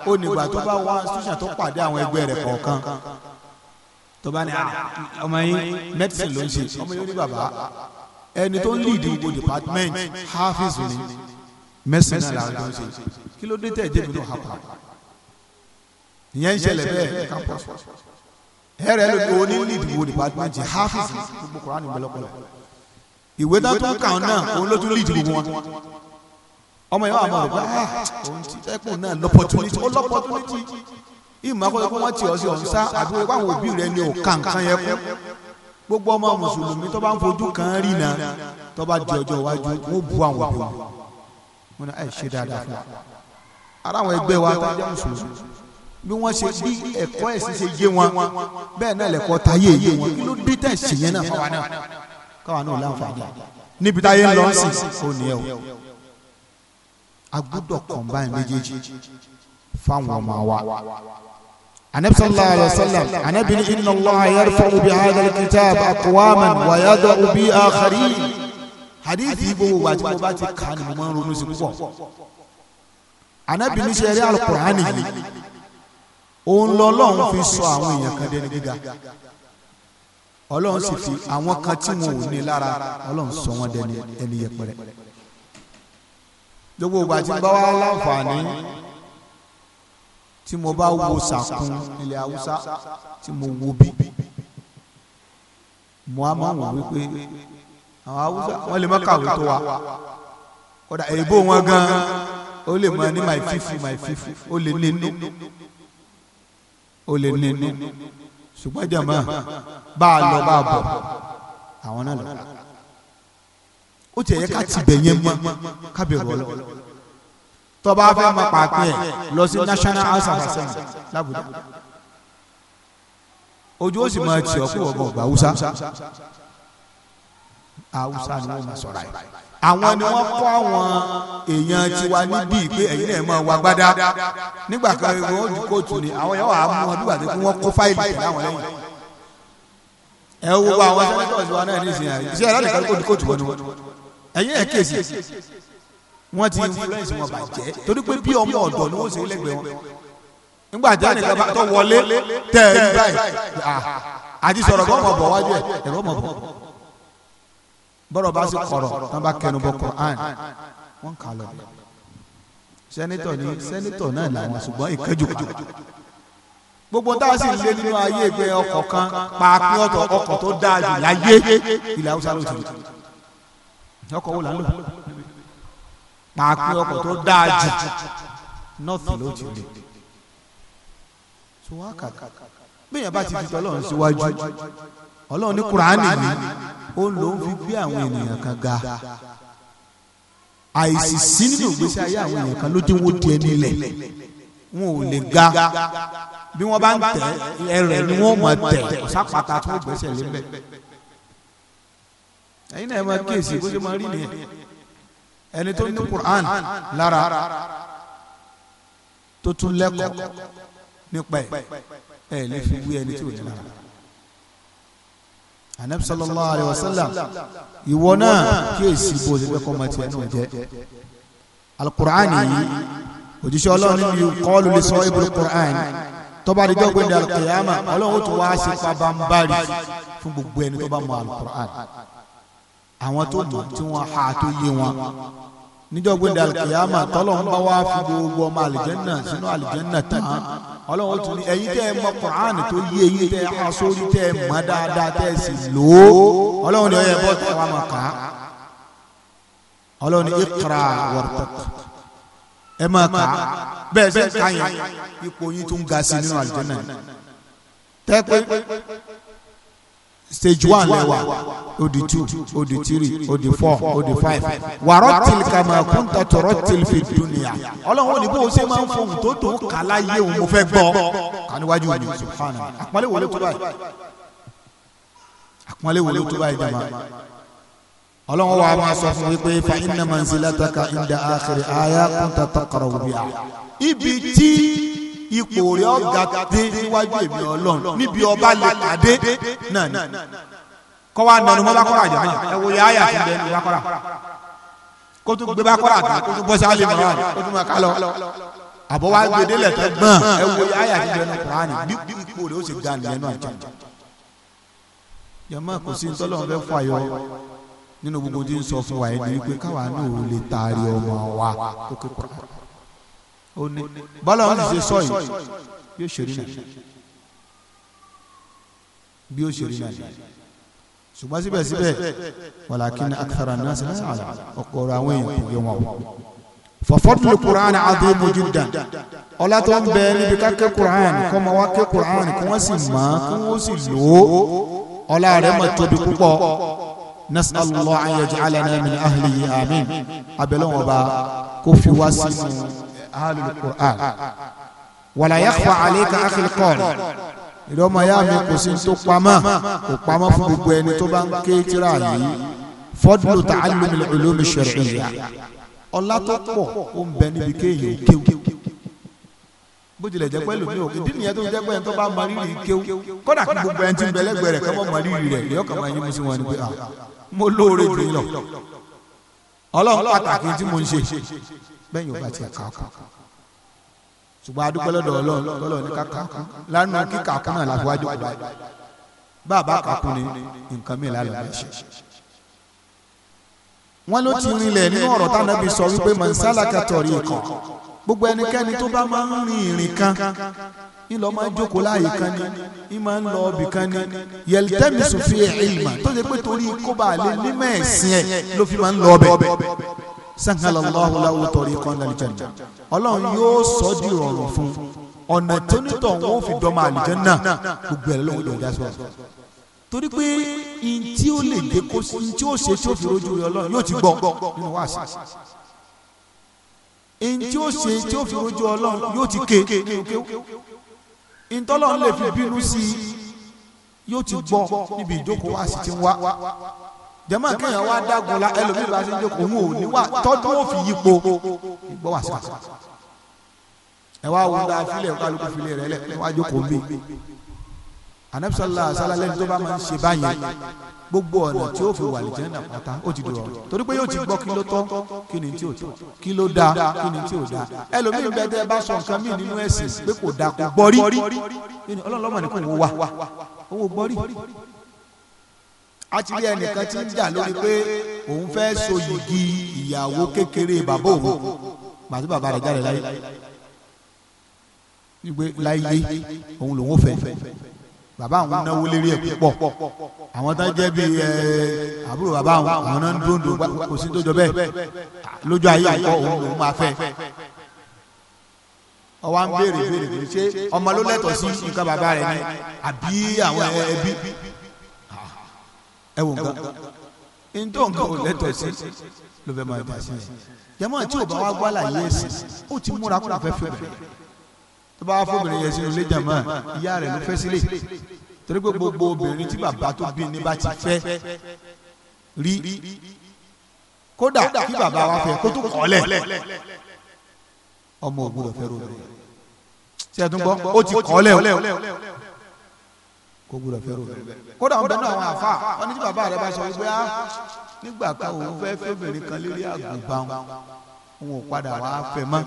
ó nígbà tó bá wá ṣùṣàn tó pàdé àwọn ẹgbẹ́ rẹ̀ kọ̀ọ̀kan tó bá ní ah, ọmọ yín medicine ló ń ṣe ọmọ yín ní bàbá ẹni tó ń lead gbogbo department hafiz ni medicine náà ló ń ṣe kí ló dé tẹ̀ débi náà hapa ìyẹn ń ṣẹlẹ̀ bẹ́ẹ̀ campus ẹ̀rẹ́ ló ní lead gbogbo department hafiz gbogbo Kùránì ìbẹ̀lọ́pọ̀lọ́ ìwé tó tún kàn náà òun ló tún lead gbogbo wọn ọmọ yẹn wà mọ ọgbà ah, òun ti ẹkùn náà lọpọtúnítì ó lọpọtúnítì ìmọ̀ akọ́jọ́ pé wọ́n ti ọ̀ sí ọ̀nsá àbí wọ́n báwọn òbí rẹ̀ ni ò ká nǹkan yẹn kú gbogbo ọmọ mùsùlùmí tó bá ń fojú kan rí na tó bá di ọjọ́ iwájú wọ́n bu àwọn òbí wọn wọn náà ẹ̀ ṣe dáadáa fún wa ara àwọn ẹgbẹ́ wa tó jẹ́ mùsùlùmí bí wọ́n ṣe bí ẹ̀kọ́ ẹ̀sìn ṣe yé wọn bẹ́ẹ̀ náà lẹ̀kọ́ tayé yé wọn kí ló dé tẹ̀ ṣèyẹn náà fáwa náà káwa náà láǹfààní níbi táyé ń lọ sí ó ní ẹ o a gbọ́dọ̀ combine méjèèjì fáwọn ọmọ wa. anabi sallallahu alayhi wa sallam anabi ni inna allah yarfa'u bi hadha alkitab aqwaman wa yada'u bi akharin hadithi gbogbo wa tí mo bá ti kà mo máa ń ronú sí anabi ní sẹ́rí alukur'ani yìí òun lọ́lọ́run fi sọ àwọn èèyàn kan dẹni gíga ọlọ́run sì fi àwọn kan tí wọn ní lára ọlọ́run sọ wọn dẹni ẹni yẹpẹrẹ. gbogbo ìgbà tí bá wà láǹfààní tí mo bá wo sàkún ilẹ̀ haúsá tí mo wo bí mo á máa wọ̀ wípé àwọn haúsá wọ́n lè má kàwé tó wa kódà èèbó wọn gan-an ó lè mọ ní my fífi my fífi ó lè nínú ó lè nínú ṣùgbọ́n jàmọ́ bá a lọ bá a bọ̀ àwọn náà lọ. ó tiẹ̀ yẹ ká ti bẹ̀ yẹn mọ́ kábẹ̀rù ọlọ́ tọ́ba fẹ́ máa pàápín ẹ̀ lọ sí national house of assembly l'Abuja ojú ó sì máa tì ọ́ kó wọ́n bọ̀ gbà Hausa haúsá ni wọ́n máa sọ̀rọ̀ yìí àwọn ni wọ́n kọ́ àwọn èèyàn tiwa níbí pé ẹ̀yin náà máa wá gbádá nígbà kan wọ́n ju kóòtù ni àwọn yẹn wà á mú wọn bí wàá tẹ́kun wọ́n kó fáìlì tẹ̀lé àwọn lẹ́yìn ẹ wo wo àwọn sẹ́nẹ́tọ̀sì wa náà nísìnyí àyè iṣẹ́ ìlànà ìkàlùkò ju kóòtù wọn ni wọn ẹ̀yin ẹ̀ kéèsì wọ́n ti influence wọn bàjẹ́ torí pé bí ọmọ ọ̀dọ́ ni wọ́n ṣe lẹ́gbẹ̀ẹ́ wọn nígbà tí àná ìkàbá tó wọlé tẹ̀ ẹ̀ báyìí àti sọ̀rọ̀ bọ́ ọmọ bọ̀ wájú ẹ̀ ẹ̀rọ ọmọ bọ̀ bọ́rọ̀ bá sì kọ̀rọ̀ tán bá kẹnu bọ Quran wọ́n kà lọ. sẹ́nitọ̀ ni sẹ́nitọ̀ náà làwọn ṣùgbọ́n ìkẹ́jù kan. gbogbo tá a sì lé nínú ayé ẹgbẹ́ ọkọ̀ kan pàápín ọ̀tọ̀ ọkọ̀ tó dáa jù láyé ilẹ̀ haúsá ló ti lò. ọkọ̀ wo là pàápín ọkọ̀ tó dáa jù nọ́ọ̀tì ló ti lò. bí èèyàn bá ti fi tọ́lọ́run síwájú ọlọ́run ní Kùránì ni ó ló ń fi gbé àwọn ènìyàn kan ga àìsí sí nínú ìgbésí ayé àwọn èèyàn kan ló dín wó di ẹni lẹ̀ wọn ò lè ga bí wọn bá ń tẹ ẹrẹ ni wọn ò mọ tẹ ọ̀sápàtà tó gbẹ́sẹ̀ lébẹ̀ ẹ̀yin náà ẹ máa kíyèsí bó ṣe máa rí nìyẹn ẹni tó ní Qur'an lára tó tún lẹ́kọ̀ọ́ nípa ẹ̀ ẹ̀ lè fi wí ẹni tí ò ní lára anabi sallallahu alayhi wa sallam ìwọ náà kíyèsí bó o ṣe fẹ́ kọ́ ọmọ tiẹ̀ náà jẹ́ alukur'ani yìí òjíṣẹ́ ọlọ́run ní kọ́ọ̀lù lè sọ ibùdó kur'ani tọ́ba àdìjọ́ gbé ní alukiyama ọlọ́run ó tún wá ṣe pabambari fún gbogbo ẹni tó bá mọ alukur'ani àwọn tó mọ tí wọ́n ha tó yé wọn níjọ́ gbẹ̀dẹ̀ alikiyama tọ́lọ́run bá wá fi gbogbo ọmọ alijanna sínú alijanna tán ọlọ́run ó tún ní ẹ̀yin tẹ́ ẹ mọ kùránì tó yé ẹ̀yin tẹ́ ẹ ha sórí tẹ́ ẹ mọ dáadáa tẹ́ ẹ sì lò ó ọlọ́run ní ọyẹ bọ́ tẹ́ wàá mọ̀ ká ọlọ́run ní ikra wartaq ẹ máa kà bẹ́ẹ̀ sẹ́ yẹn ipò yín tún ga sí nínú alijanna tẹ́ pé stage one lẹwa odi two odi three odi four odi five wàrọ tìlìkà máa kún tó tọrọ dunuya ọlọ́run ò ní bó o ṣe máa ń fọ òun tó tó kàlá yé òun mo fẹ́ gbọ́ kaniwaju ni subhana àpọ́nlé wòlé tó báyìí àpọ́nlé wòlé tó báyìí dama ọlọ́run wa máa sọ fún wípé fa inna manzilataka inda akhiri aya kún tó tọkọrọ wùbíà ibi tí ipò rẹ̀ ọ̀gá dé níwájú èmi ọlọ́run níbi ọba lè pàdé náà ni kọ́ wa nanu mọ́ bákọ́rọ̀ àjàmọ́ ẹ wo yáyà tó bẹ́ẹ̀ ní bákọ́rọ̀ kó tún gbé bákọ́rọ̀ àtàn kó tún bọ́ sí alẹ́ mọ́ra kó tún máa ká lọ àbọ̀ wa gbé délẹ̀ tó gbọ́n ẹ wo yáyà tó bẹ́ẹ̀ ní bí ipò rẹ̀ ó sì ga nìyẹn náà jẹ́ jama kò sí ntọ́lọ́ fẹ́ fà yọ nínú gbogbo tí ń sọ fún wa yẹn wípé káwa náà ò lè taari ọmọ wa kókè kọ́ra ó ní bọ́lá ń ṣe sọ yìí yóò ṣe rí náà bí ó ṣe rí náà ṣùgbọ́n síbẹ̀síbẹ̀ walakin akthara an-nas la ya'lamun ọ̀pọ̀ ọ̀rọ̀ àwọn èèyàn kò yẹ wọn o. fa fadlu al-Qur'ani adhimu jiddan ọlá tó ń bẹ níbi ká ké kọ́ ma wá ké Qur'ani kí wọ́n sì mọ̀ kí wọ́n sì lò ó ọlá rẹ̀ mà tóbi púpọ̀ nas'alullaha an yaj'alana min ahlihi amin abẹ́lẹ́ wọn bá kó fi wá sínú ahlul Qur'an wala yakhfa alayka akhil qawl ìdọ́mọ ya mi kò sí tó pamọ́ kò pamọ́ fún gbogbo ẹni tó bá ń ké tíra yìí fadlu ta'allumil ulumi shar'iyya ọlá tó pọ̀ ó ń bẹ níbi kéèyàn kéwù bó tilẹ̀ jẹ́ pẹ́lú mi ò kí dín nìyẹn tó jẹ́ pẹ́yẹn tó bá mọ rírì kéwù kódà kí gbogbo ẹni tí ń bẹ lẹ́gbẹ̀ẹ́ kọ́ mọ rírì rẹ̀ yọ̀ọ́ kàn máa yín mú sí wọn ni pé à ah, mo lóore jù lọ ọlọ́run pàtàkì tí mo ń ṣe bẹ́ẹ̀ yóò bá tiẹ̀ ká kú ṣùgbọ́n adúpẹ́ lọ́dọ̀ ọlọ́run lọ́lọ́ ní káká kú lánàá kíkà kú náà láti wájú kú báyìí bàbá kàkú ni nǹkan mi lálẹ́ ọ̀rẹ́ ṣe. wọ́n ló ti rinlẹ̀ nínú ọ̀rọ̀ táwọn ẹbí sọ wípé mọ̀nsálà kẹtọ̀ọ̀rì ìkàn gbogbo ẹnikẹ́ni tó bá máa ń rin ìrìn kan ńlọ máa jókòó láàyè kan ni ń máa ń lọ ọbì kan ni yẹlitẹ́mi sòfin ìlmà tó ṣe pé torí kóbá lé nímọ̀ ẹ̀sìn ẹ̀ ló fi máa ń lọ ọbẹ̀ sanhalallahu lahu tariqan lil janna ọlọ́run yóò sọ di ìrọ̀rùn fún ọ̀nà tó nítọ̀ wọn ò fi dọ́mọ àlùjánnà gbogbo ẹ̀ lọ́wọ́ ìjọba sọ torí pé ntí ó lè dé kó ntí ó ṣe tí ó fi rojú rẹ ọlọ́run yóò ti gbọ́ nínú wáàsí in tí ó ṣe tí ó fi rojú ọlọ́run yóò ti ké in lè fi bínú sí i yóò ti gbọ́ níbi ìjókòó wá sí ti wá jẹ́mọ̀ kéèyàn wá dágun la ẹlòmíì bá ṣe ń jókòó òun ò ní wá tọ́jú ó fi yípo ìgbọ́ wá sí wa ẹ wá wo dáa filẹ̀ kálukú filẹ̀ rẹ lẹ̀ wá jókòó mi anabisalaam salalẹ́ni tó bá máa ń ṣe báyìí gbogbo ọ̀nà tí ó fi wà lìjẹ́ náà pátá ó ti dùn ọ́ torí pé yóò ti gbọ́ kí ló tọ́ kí ni tí ò tọ́ kí ló dáa kí ni tí ò dáa ẹlòmíín bẹ tẹ bá sọ nǹkan míì nínú ẹ̀sìn pé kò dáa kò gbọ́rí ọlọ́lọ́mọ nìkan wò wá owó gbọ́rí a ti rí ẹnìkan tí ń jà lórí pé òun fẹ́ so yìgì ìyàwó kékeré bàbá òun màtí bàbá rẹ̀ jáde láyé láyé òun lòun fẹ́ bàbá àwọn náwó lérí ẹ̀ púpọ̀ àwọn tó jẹ́ bí ẹ àbúrò bàbá àwọn àwọn náà ń dòndò kò sí tó jọ bẹ́ẹ̀ lójú ayé àkọ́ òun òun máa fẹ́ ọwọ́ à ń béèrè béèrè béèrè ṣé ọmọ ló lẹ́tọ̀ọ́ sí nǹkan bàbá rẹ̀ ni àbí àwọn ẹbí ẹ wò nǹkan ntọ́ nǹkan ò lẹ́tọ̀ọ́ sí ló fẹ́ máa dà sí ẹ̀ jẹ́mọ́ tí ò bá wá gbọ́ àlàyé ẹ̀sìn ó ti múra kó fẹ́ fẹ́ bẹ̀rẹ̀ tó bá fóbìnrin yẹn sínú ilé jàmọ́ ìyá rẹ̀ ló fẹ́ sílẹ̀ torí pé gbogbo obìnrin tí bàbá tó bí ní bá ti fẹ́ rí kódà kí bàbá wa fẹ́ kó tó kọ́lẹ̀ ọmọ ògùn lọ fẹ́ ròbìnrin ṣé ẹ tún gbọ́ ó ti kọ́lẹ̀ o kó gbúdọ̀ fẹ́ ròbìnrin kódà wọn bẹ náà àwọn àfa wọn ní tí bàbá rẹ bá sọ wípé á ah, nígbà kan òun fẹ́ fẹ́bìnrin kan lérí àgùnbá wọn ò padà wá fẹ́ mọ́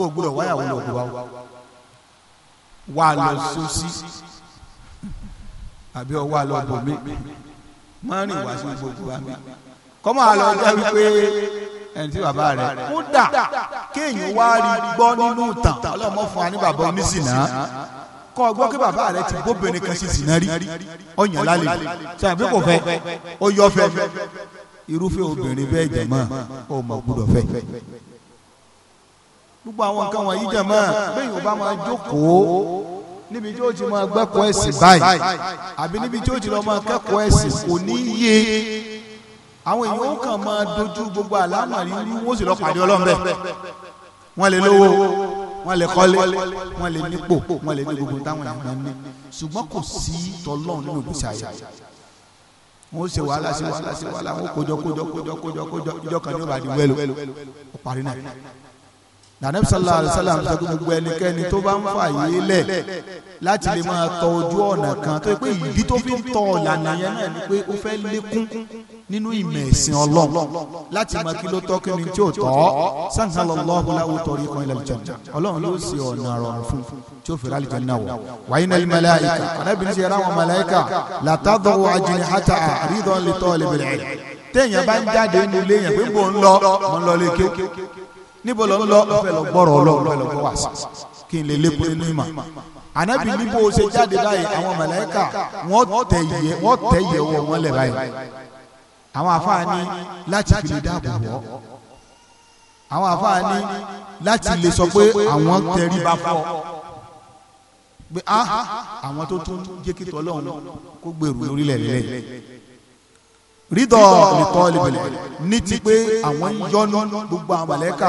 ó gbúdọ̀ wáyàwó lọ́gbọ̀ wa o wà lọ sósì àbí ọwọ́ àlọ́ bòmí mọ́rin wá sí gbogbo àmì kọ́mọ́ àlọ́ jẹ́ wípé ẹni tí bàbá rẹ̀ mú dà kéèyàn wá rí gbọ́ nínú ìtàn ọlọ́mọ fún wa ní bàbá oníṣìnà kọ́ gbọ́ kí bàbá rẹ̀ ti gbóbìnrin kan sí ìsìnà rí ọ̀yàn lálẹ́ sàbí kò fẹ́ ó yọ fẹ́ irúfẹ́ obìnrin bẹ́ẹ̀ jẹ̀mọ́ ó gbúdọ̀ fẹ́ gbogbo àwọn nǹkan wọ̀nyí jẹ̀ mọ́ bẹ́ẹ̀ yóò bá máa jókòó níbi tí ó ti máa gbẹ́kọ̀ọ́ ẹ̀sìn báyìí àbí níbi tí ó ti lọ máa kẹ́kọ̀ọ́ ẹ̀sìn kò ní yé àwọn èèyàn ó kàn máa dojú gbogbo àlámọ̀rí rí wọ́n sì lọ pàdé ọlọ́run bẹ́ẹ̀ wọ́n lè lówó wọ́n lè kọ́lé wọ́n lè nípò wọ́n lè ní gbogbo táwọn èèyàn ní ṣùgbọ́n kò sí tọ́lọ́run nínú ìgbésí ayé wọ́n ṣe wàhálà sí wàhálà sí wàhálà wọ́n kójọ kójọ kójọ kójọ kan ní ó wẹ́lú ó náà nànẹ́bí sallallahu alayhi wa sallam sọ pé gbogbo ẹnikẹ́ni tó bá ń fà yé lẹ̀ láti lè máa tọ ojú ọ̀nà kan tó yẹ pé ìdí tó fi ń tọ ọ̀lànà yẹn náà ni pé ó fẹ́ lékún nínú ìmọ̀ ẹ̀sìn ọlọ́run láti mọ kí ló tọ́ kí ni tí ò tọ́ sanhallallahu lahu tariqan ilal janna ọlọ́run ló sì ọ̀nà ọ̀rọ̀ fún tí ó fẹ́rẹ́ aljanna wọ̀. wa innal malaika arábìnrin ṣe ara àwọn màláìka latadau ajnihata ridan li talibil ilm téèyàn bá ń jáde nínú yẹn pé ń ń lọ mọ́ ń lọ lékè níbo lọ ń lọ ọfẹ lọ gbọrọ Ọlọ́run ọfẹ lọ gbọ wàásù kí n lè lékún nínú ìmọ̀ ànábì níbo ṣe jáde báyìí àwọn màláíkà wọ́n tẹ yẹ wọ́n tẹ yẹ wọ wọn lẹ báyìí àwọn àfáàní láti fi lè dáàbò wọ àwọn àfáàní láti lè sọ pé àwọn tẹríba fọ pé ah, ah, ah àwọn tó tún jẹ́ kí tọ́lọ́run kó gbèrú lórílẹ̀ lẹ́yìn rídọ̀ lìtọ́ lìbẹ̀lẹ̀ ní ti pé àwọn ń yọnu gbogbo àwọn mọ̀lẹ́kà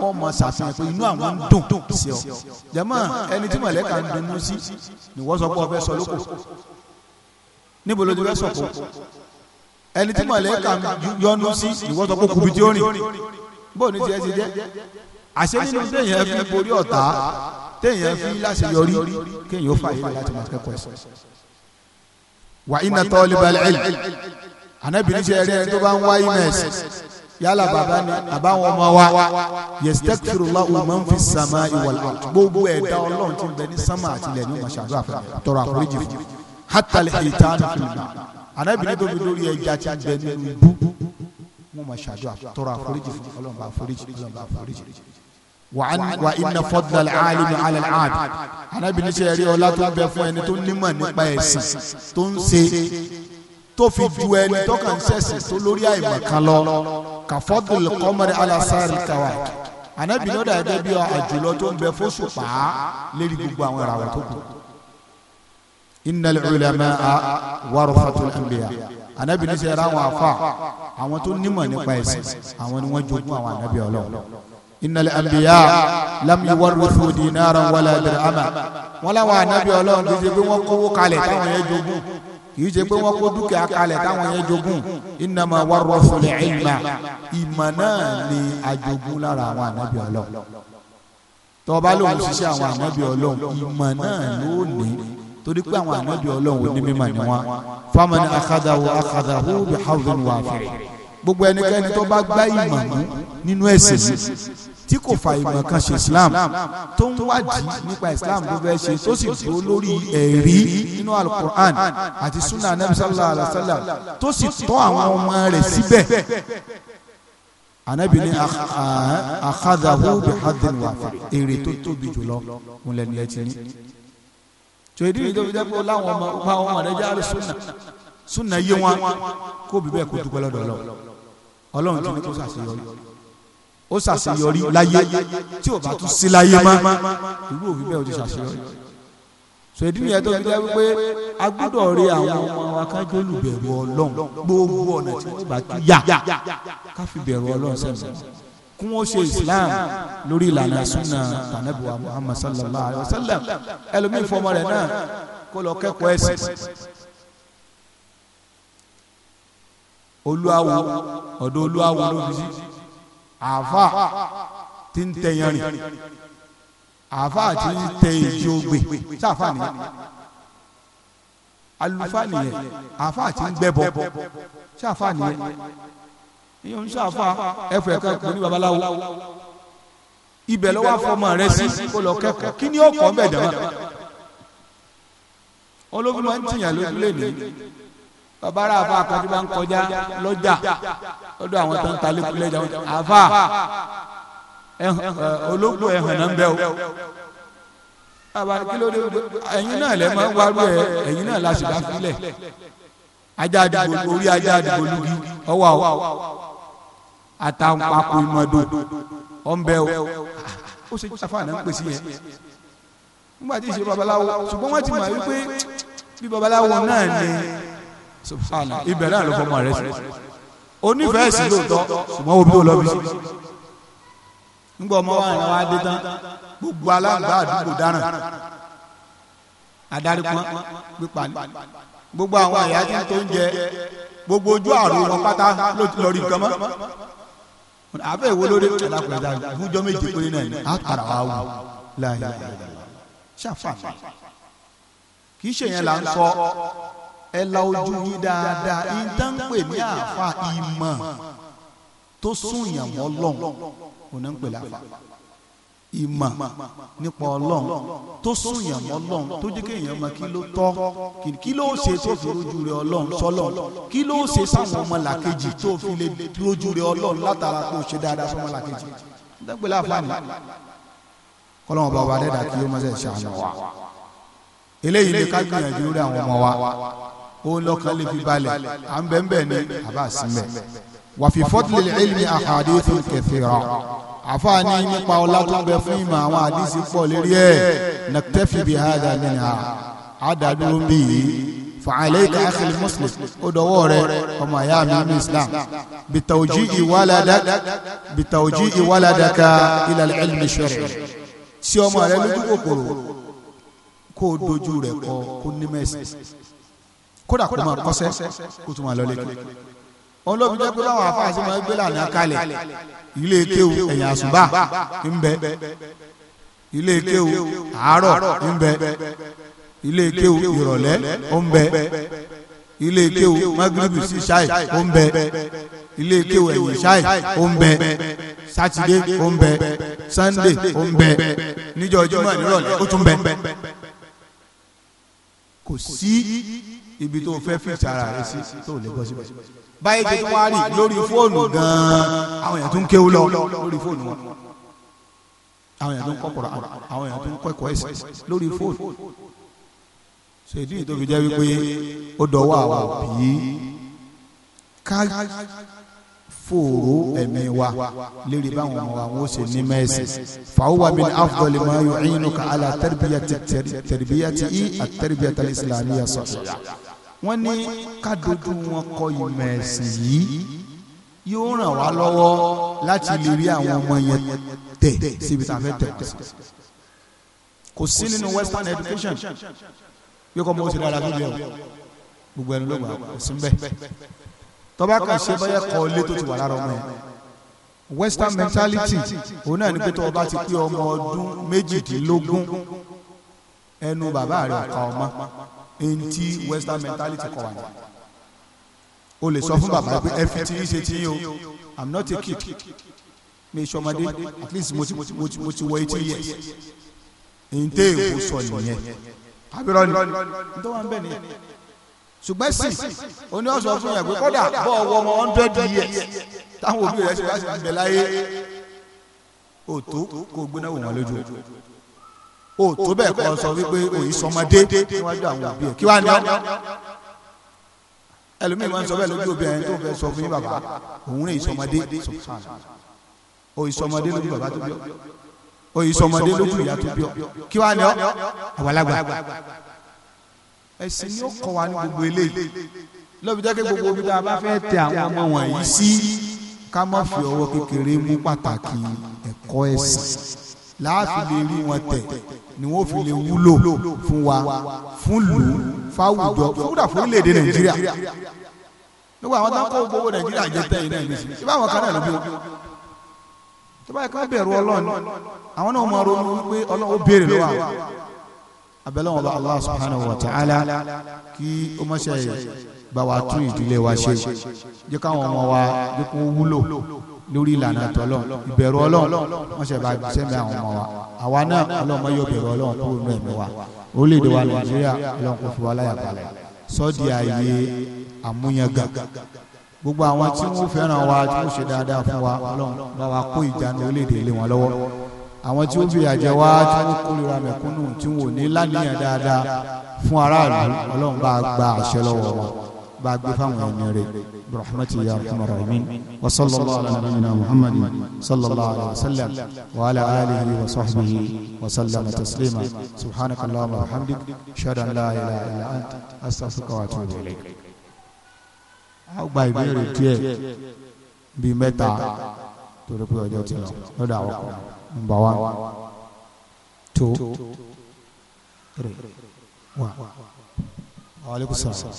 wọ́n mọ̀ ṣàfihàn pé inú àwọn ń dùn sí ọ. jẹ́mọ́ ẹni tí mọ̀lẹ́kà ń dunnú sí ni wọ́n sọ pé ọbẹ̀ sọ lóko níbo ló ti fẹ́ sọ̀kò ẹni tí mọ̀lẹ́kà ń yọnu sí ni wọ́n sọ pé kùbí tí ó rìn bóun ní tiẹ̀ ti jẹ́ àṣẹ nínú téèyàn fi borí ọ̀tá téèyàn fi láṣeyọrí kéèyàn ó láti máa kẹ́kọ̀ọ́ anábìrin ṣe ẹrí ẹni tó bá ń wá ms yálà bàbá ni àbáwọn ọmọ wa yastakfirullahu man fi samai wal ard gbogbo ẹ̀dá ọlọ́run ti ń bẹ ní sámà àtìlẹ̀ ní màṣàdúrà fún tọrọ àforíjì fún hatta al-hitanu fil ma anábìrin tó fi lórí ẹja ti ń bẹ nínú bú wọn màṣàdúrà tọrọ àforíjì fún ọlọ́run bá àforíjì ọlọ́run bá àforíjì wàhán wa iná fọdùlà alimi alẹ àbí anábìrin ṣe ẹrí ọlá tó ń bẹ fún ẹni tó nímọ̀ nípa ẹ̀sìn tó ń ṣe tó fi ju ẹni tó kàn ṣẹ̀ṣẹ̀ tó lórí àìmọ̀kan lọ kàfọ́dùn kọ́mọ̀rẹ́ alásàárì kàwá ànábì lọ́dà ẹgbẹ́ bí àjùlọ tó ń bẹ fóṣù pa á lérí gbogbo àwọn ìràwọ̀ tó kù. innal ulama'a warathatul anbiya ànábì ní sẹ́yìn ráwọn afa àwọn tó nímọ̀ nípa ẹ̀sìn àwọn ni wọ́n jogún àwọn ànábì ọlọ́run. innal anbiya lam yuwarrithu dinaran wala dir'ama wọn láwọn ànábì ọlọ́run kì í kìí ṣe pé wọ́n kó dúkìá kalẹ̀ táwọn yẹn jogún innama warrathul ilma ìmọ̀ náà ni àjogún lára àwọn ànábì ọlọ́run tọ́ba lòun ṣiṣẹ́ àwọn ànábì ọlọ́run ìmọ̀ náà ló ní torí pé àwọn ànábì ọlọ́run ò ní mímọ̀ ni wọ́n faman akhadahu akhadahu bi hawdhin wafi gbogbo ẹnikẹ́ni tó bá gbá ìmọ̀ mú nínú ẹ̀sìn tí kò fa ìmọ̀ kan ṣe islam tó ń wádìí nípa islam ló fẹ́ ṣe tó sì dúró lórí ẹ̀rí nínú alukur'an àti sunnah anabi sallallahu alayhi wa sallam tó sì tọ́ àwọn ọmọ rẹ̀ síbẹ̀ anabi ni akadahu bi hadin wafa èrè tó tóbi jùlọ ń lẹnu ẹ ti ní. tó ìdí ìjọba ìjọba ìjọba láwọn ọmọ ọmọ ọmọ rẹ jẹ alùsùnà sunna yé wọn kó bíbẹ kó dúpẹ́ lọ́dọ̀ Ọlọ́run Ọlọ́run tí wọn tó ṣàṣeyọrí ó ṣàṣeyọrí láyé tí ò bá tún sí láyé mọ́ irú òbí bẹ́ẹ̀ ó ti ṣàṣeyọrí sòdí nìyẹn tó ń wípé a gbọ́dọ̀ rí àwọn ọmọ wa ká jẹ́ olùbẹ̀rù ọlọ́run gbogbo ọ̀nà tí wọ́n bá tún yà ká fi bẹ̀rù ọlọ́run sẹ́yìn kún ó ṣe islam lórí ìlànà sunna tànàbíwá muhammad sallallahu alayhi wa sallam ẹlòmíín fọmọ rẹ̀ náà kó lọ kẹ́kọ̀ọ́ ẹ̀sìn olúwawo ọ̀dọ̀ olúwawo ló fi sí àáfà tí ń tẹ yanrìn àáfà tí ń tẹ ìjì ogbè sáfà nìyẹn alufa nìyẹn àáfà tí ń gbẹbọ sáfà nìyẹn ìyẹn ń sáfà ẹfọ ẹka kò ní babaláwo ibẹ̀ lọ́wọ́ afọmọ rẹ sí kó lọ kẹ́kọ̀ọ́ kí ni ó kọ́ ń bẹ̀ dàmà ológun máa ń tìyàn lójúlé nìyí bàbá rà àfa àkàtì bá ń kọjá lọ́jà lọ́dọ̀ àwọn tó ń ta lẹ́kùn lẹ́jà wọn àfa olóko ẹ̀hàn náà ń bẹ́ o àbárí kí ló dé ẹ̀yin náà lẹ́ máa ń wárú ẹ̀ ẹ̀yin náà la sì bá filẹ̀ ajá àdìgbò orí ajá àdìgbò lùgì ọwọ́ àwọ̀ àtàwọn pàkó ìmọ̀dò ọ̀nbẹ o ó ṣe jàfà náà ń pèsè yẹn nígbà tí ìṣe babaláwo ṣùgbọ́n wọ́n ti mọ̀ wípé bí babaláwo náà ni subhana ibẹ̀ náà ló fọmọ rẹ sí onífẹ̀ẹ́ sí lóòótọ́ ṣùgbọ́n omi ò lọ bí sí. nígbà ọmọ wa rìn wá dé tán gbogbo aláǹgbá àdúgbò dáràn adarí kan pípa ní gbogbo àwọn àyà tí tó ń jẹ gbogbo ojú àrùn wọn pátá ló ti lọ rí nǹkan mọ́ àbẹ̀ wo lórí alákùnrin dáa méje péré náà á tara wa wò láàyè ṣàfàmì kì í ṣe yẹn là ń sọ ẹ la ojú yín dáadáa ìtàn pè ní àfa ìmọ̀ tó sún yàn mọ́ lọ́n òun náà ń pè láfa ìmọ̀ nípa ọlọ́run tó sún yàn mọ́ ọlọ́run tó jẹ́ kéèyàn mọ kí ló tọ́ kí ló ṣe tó fi rojú rẹ ọlọ́run sọ́lọ́run kí ló ṣe sáwọn ọmọ làkejì tó fi lè rojú rẹ ọlọ́run látara kó ṣe dáadáa sọmọ làkejì dẹ́gbẹ́ láǹfààní kọ́lọ́mọ bàbá rẹ̀ kí ó mọ̀ sẹ́ ṣàánú wa eléyìí ni ká gbìyànjú rẹ̀ àwọn ọmọ wa ó lọ́kàn lè fi balẹ̀ à ń bẹ̀ ń bẹ̀ ni àbá sí mẹ́. wàfi fọ́tìlẹ̀ ilmi àhàdìsì kẹfìrà àfààní nípa ọlá tó ń bẹ fún ìmọ̀ àwọn àdìsí pọ̀ lérí ẹ̀ nàkẹ́fì bí hàdà minha àdàdúró bí yìí fàálẹ́ ìka àkìlì muslim ó dọwọ́ rẹ ọmọ àyà mi ní islam bìtàwùjí ìwáládàkà ilẹ̀ ilmi ṣẹ̀rẹ̀ sí ọmọ rẹ lójú kòkòrò kó o dojú rẹ kọ kó nímẹ̀sì kódà kó máa kọ́sẹ́ kó tó máa lọ lékè olóbi jẹ́ pé báwọn afáàsì máa gbé lànà kalẹ̀ ilé kéwu ẹ̀yìn àsùbá ń bẹ ilé kéwu àárọ̀ ń bẹ ilé kéwu ìrọ̀lẹ́ ń bẹ ilé kéwu magrebi sí ṣáì ó ń bẹ ilé kéwu ẹ̀yìn ṣáì ń bẹ sátidé ń bẹ sànńdé ń bẹ níjọ́ jùmọ̀ nírọ̀lẹ́ ó tún bẹ kò sí ibi tó fẹ́ fi sara rẹ sí tó lè bọ́ síbẹ̀. báyìí tó wá rí lórí fóònù gan-an àwọn èèyàn tó ń kéwú lọ lórí fóònù wọn àwọn èèyàn tó ń kọ́ kọ́ra àwọn èèyàn tó ń kọ́ ẹ̀kọ́ ẹ̀sìn lórí fóònù. ṣèdí ìtòfìjẹ́ wípé ó dọ̀wọ́ àwọn òbí ká fòòró ẹ̀mí wa lérí báwọn ọmọ wa wọ́n ṣe ní mẹ́sì. fàáwà min afdọ́lì máa yọ ẹyin nù ká àlà tẹ̀rìbíyàtì tẹ̀rìbíyàtì í àtẹ̀rìbíyàtì islamiyà sọ̀tọ̀. wọ́n ní ká dojú wọn kọ ìmọ̀ yìí yóò ràn wá lọ́wọ́ láti lè rí àwọn ọmọ yẹn tẹ̀ síbi tá a fẹ́ tẹ̀ kò sí nínú western education yóò kọ́ mọ́ ó dára tó bẹ̀rù tọ́ba kan ṣe báyẹ̀ kọ́ ilé tó ti wà lára ọmọ yẹn western mentality òun náà ni pé tọ́ba ti pé ọmọ ọdún méjìdínlógún ẹnu bàbá rẹ̀ ọ̀ka ọmọ ẹni tí western mentality kọ̀ wà ní. o lè sọ fún bàbá pé ẹ fi tí ṣe tí o i'm not a kid mi sọmọdé at least mo ti mo ti wọ eighteen years ǹtẹ́ èkó sọ nìyẹn àbí rọ́ọ̀nì ǹtọ́ wa ń ṣùgbọ́n sì ó ní ọ̀sán fún yàn pé kọ́dà bọ́ ọwọ́ ọmọ hundred years táwọn òbí rẹ̀ ṣe wá sí ibẹ̀ láyé òtó kò gbóná wò wọ́n lójú òtó bẹ́ẹ̀ kọ́ sọ wípé òyì sọmọdé níwájú àwọn òbí ẹ̀ kí wàá ní ẹlòmíì máa ń sọ bẹ́ẹ̀ lójú òbí ẹni tó fẹ́ sọ fún yín bàbá òun rè ìsọmọdé òyì sọmọdé lójú bàbá tó bí ọ òyì sọmọdé lójú ìyá tó bí ọ kí wàá ní ọ àgbàlagbà ẹ̀sìn yóò kọ́ wa ní gbogbo eléyìí lọ́bi jẹ́ kí gbogbo omi tá a bá fẹ́ tẹ àwọn ọmọ wọ̀nyí sí ká má fi ọwọ́ kékeré mú pàtàkì ẹ̀kọ́ ẹ̀sìn láàfin lè rí wọn tẹ̀ ni wọ́n fi lè wúlò fún wa fún lù ú fáwùjọ fúdà fún orílẹ̀-èdè nàìjíríà nígbà àwọn táwọn kọ́ gbogbo nàìjíríà jẹ tẹ̀yìn náà nìyí ṣé báwọn kan náà ló bí o tó báyìí ká bẹ̀rù ọlọ́run àwọn náà mọ ronú wípé ọlọ́run abẹ́lẹ́ wọn bá Allah subhanahu wa ta'ala kí ó mọ̀ṣẹ́ bá wa tún ìdílé wa ṣe jẹ́ káwọn ọmọ wa jẹ́ kó wúlò lórí ìlànà tọ́lọ̀ ìbẹ̀rù ọlọ́run mọ̀ṣẹ́ bá sẹ́mi àwọn ọmọ wa àwa náà ọlọ́mọ yóò bẹ̀rù ọlọ́run kúrò nínú ẹ̀mí wa orílẹ̀ wa Nàìjíríà ọlọ́run kò fi wa láyà balẹ̀ sọ́ọ̀dì ààyè àmúyangà gbogbo àwọn tí wọ́n fẹ́ràn wa tí wọ́n ṣe dáadáa fún wa ọlọ́run bá wa kó ìjánu orílẹ̀-èdè wọn lọ́wọ́ àwọn tí ó fi àjẹ wá tí wọ́n kórìíra mẹ̀kúnnù tí wọ́n ò ní lánìyàn dáadáa fún aráàlú ọlọ́run bá gba àṣẹ lọ́wọ́ wọn bá gbé fáwọn ẹni rẹ̀ rahmatu ya rahmatu rahmin wa sallallahu ala nabiyyina muhammadin sallallahu alaihi wa sallam wa ala alihi wa sahbihi wa sallama taslima subhanaka wa hamdik shada la ilaha illa ant astaghfiruka wa atubu ilayk. a gba ìbéèrè díẹ̀ bíi mẹ́ta torí pé ọjọ́ ti lọ lọ́dọ̀ àwọn kan number one two three one. Wa alaikum salaam.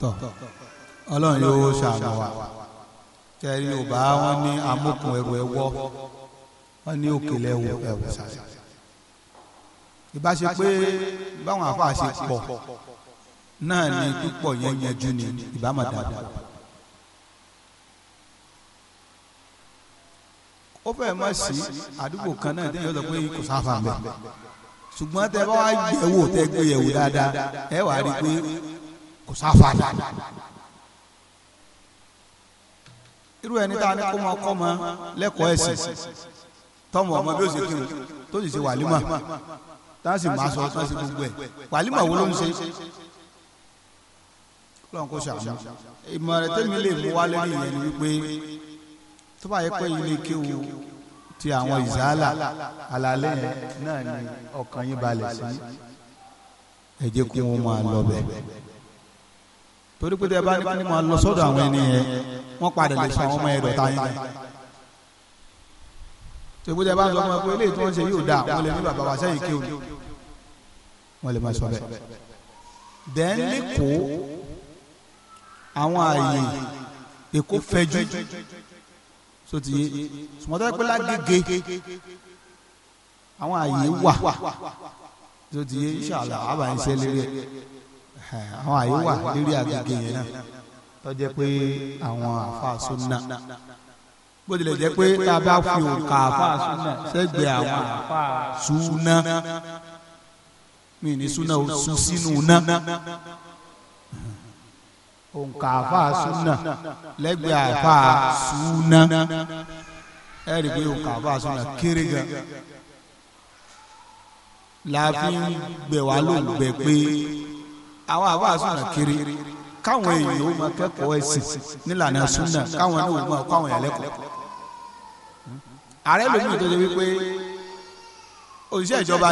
tọ ọlọ́run yóò ṣàánú wa tẹrí yorùbá wọn ní amókun ẹrù ẹwọ wọn ní òkèlè ẹwù ẹwù sàṣà ìbá ṣe pé báwọn àfáà ṣe pọ̀ náà ni púpọ̀ yẹn yanjú ni ìbá má dáadáa. ó fẹ́ mọ̀ sí àdúgbò kan náà déyìn ọ̀dọ̀ pé kò sáfà mẹ́ ṣùgbọ́n tẹ bá wá yẹ̀wò tẹ gbé yẹ̀wò dáadáa ẹ wàá rí i pé kò sáfàdà irú ẹni tá a ní kó mọ kọ́ mọ lẹ́kọ̀ọ́ ẹ̀sìn tọmọ ọmọ bí ó ṣe kírun tó sì ṣe wàlímà tá a sì máa sọ tó ṣe gbogbo ẹ̀ wàlímà wo ló ń ṣe lọ́n kó ṣàmú ìmọ̀ràn tẹ́mi lè mú wá lórí ni wípé tó bá yẹ pé ilé kéwu ti àwọn ìzálà alalẹ́ náà ni ọkàn yín balẹ̀ sí ẹ jẹ́ kí wọ́n máa lọ bẹ́ẹ̀ torí pé tẹ bá ní kí wọn lọ sọ́dọ̀ àwọn ẹni yẹn wọn padà lè sọ àwọn ọmọ ẹdọ ta yín torí pé tẹ bá ń sọ fún ẹ pé eléyìí tí wọn ṣe yóò dáa wọn lè ní bàbá wa sẹ́yìn kí o ní wọn lè má sọ bẹ́ẹ̀ dẹ́n lẹ́kọ̀ọ́ àwọn ààyè èkó fẹjú sotí sùmọ́tò ẹgbẹ́ lágége àwọn ààyè wà sotí inṣàlá àbáyé sẹ́lẹ̀ àwọn àyè wà lórí àgègè yẹn náà tó jẹ́ pé àwọn àfa sunna bó tilẹ̀ jẹ́ pé tá a bá fi òǹkà àfa sunna sẹ́gbẹ̀ẹ́ àwọn àfa sunna mi ní sunna ó sun sínú náà òǹkà àfa sunna lẹ́gbẹ̀ẹ́ àfa sunna ẹ rí i òǹkà àfa sunna kéré gan la fi ń ló ń pé àwọn àbá sunna kiri káwọn èèyàn ó máa kẹ́kọ̀ọ́ ẹ̀sìn nílànà sunna káwọn náà ó máa kọ́ àwọn èèyàn lẹ́kọ̀ọ́. ààrẹ lómi ìtọ́jú wípé òṣìṣẹ́ ìjọba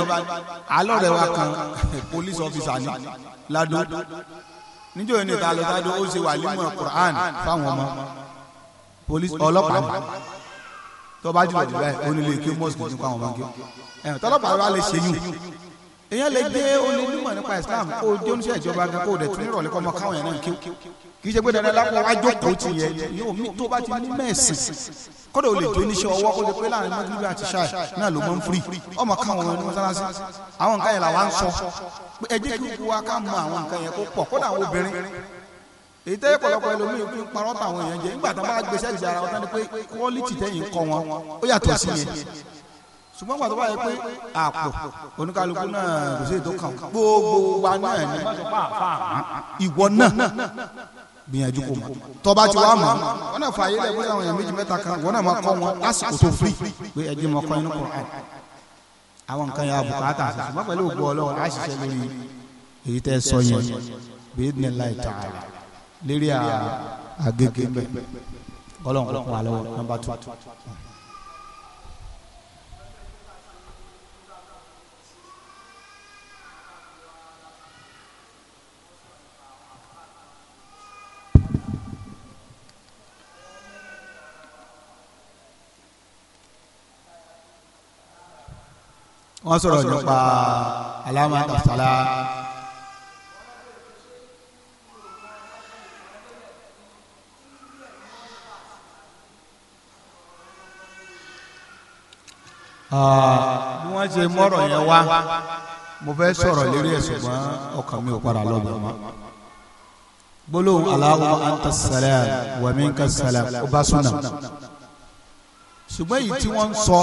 alọ́rẹ̀ wa kan *laughs* police officer ni ládùn níjọ́ yìí níta lọ sádùn ó ṣe wàlímọ̀ Quran fáwọn ọmọ police ọlọ́pàá ni tọ́ba jùlọ jùlọ ẹ̀ onílé kí mosque ní kó àwọn ọmọ gé ẹ̀ tọ́lọ́pàá wa lè ṣe yùn èyàn lè gbé onímọ̀ nípa Islam kó o ìjọba gan kó o dẹ̀ tún nírọ̀lẹ́ kọ́ ọmọ káwọn yẹn náà kéw kì í ṣe pé dandan lápò wájú kò yẹ yóò mí tó bá ti ní mẹ́sìn kódà o lè jó oníṣẹ́ ọwọ́ kó lè pé láàrin mọ́gíríbì àti ṣáì náà ló mọ́ ń firi ọmọ káwọn ọmọ ní mọ́sálásí àwọn nǹkan yẹn làwa ń sọ pé ẹ jẹ́ kí wa ká mọ àwọn nǹkan yẹn kó pọ̀ kódà àwọn obìnrin èyí tẹ́ pọ̀lọpọ̀ ẹlòmíì fún parọ́ táwọn èèyàn jẹ nígbà tó bá gbéṣẹ́ ìjà ara wọn tán ni pé quality tẹ́yìn kọ́ wọn ó yàtọ̀ sí yẹn ṣùgbọ́n pàtó báyìí pé àpò oníkálukú náà kò sí ètò kan gbogbo wa náà ni ìwọ náà gbìyànjú kò mọ tọba tí wàá mọ wọn náà fààyè lẹ bóyá àwọn èèyàn méjì mẹ́ta kan wọn náà máa kọ wọn lásìkò tó fi pé ẹ jẹ́ mọ kọ inú kọrọ àwọn nǹkan yà bùkátà ṣùgbọ́n pẹ̀lú ògbó Ọlọ́run á ṣiṣẹ́ lórí èyí tẹ́ sọ yẹn bẹ́ẹ̀ ní láì tà á lérí àgègè bẹ́ẹ̀ Ọlọ́run kò kún wa lọ́wọ́ nọ́mbà tó. wọ́n sọ̀rọ̀ nípa alama ah, tasala. bí wọ́n ṣe mọ́rọ̀ yẹn wá mo fẹ́ sọ̀rọ̀ lérí ẹ̀ ṣùgbọ́n ọkàn mi ò padà lọ́bẹ̀ mọ́. gbólóhùn Allahumma anta salam wa minka salam ó bá ṣùgbọ́n èyí tí wọ́n ń sọ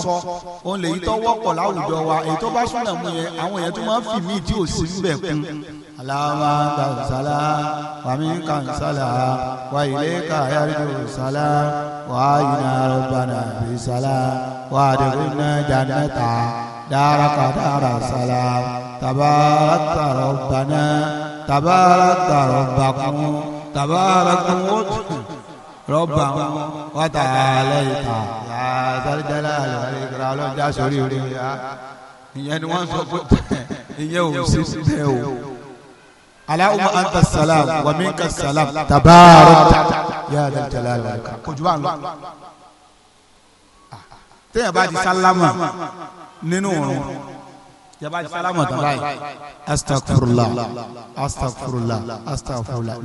òun lèyí tó wọ́pọ̀ láwùjọ wa èyí tó bá súnà mú yẹn àwọn èèyàn tó máa ń fi míì tí ò sí ń kún. aláwa kàǹsálà wàmí kàǹsálà wà ilé kàyáríjò sálà wà iná rọ̀bànà bí sálà wà àdìgúnná jannata dáraka dára sálà tabarakta rọ̀bànà tabarakta rọ̀bàkún tabarakun wọ́tún rọ́bà wàtà aláìta àtàlídàlá àlùkàrà ọlọ́jà sórí orí ya ìyẹn ni wọ́n sọ pé ìyẹn ò sí bẹ́ẹ̀ o. aláwọ̀ anta salam wa minka salam tabaarata ya dàjàlá àlùkà kojú bá ń lọ. téèyàn bá ti sálámà nínú òun yaba salamu tabayi astagfirullah astagfirullah astagfirullah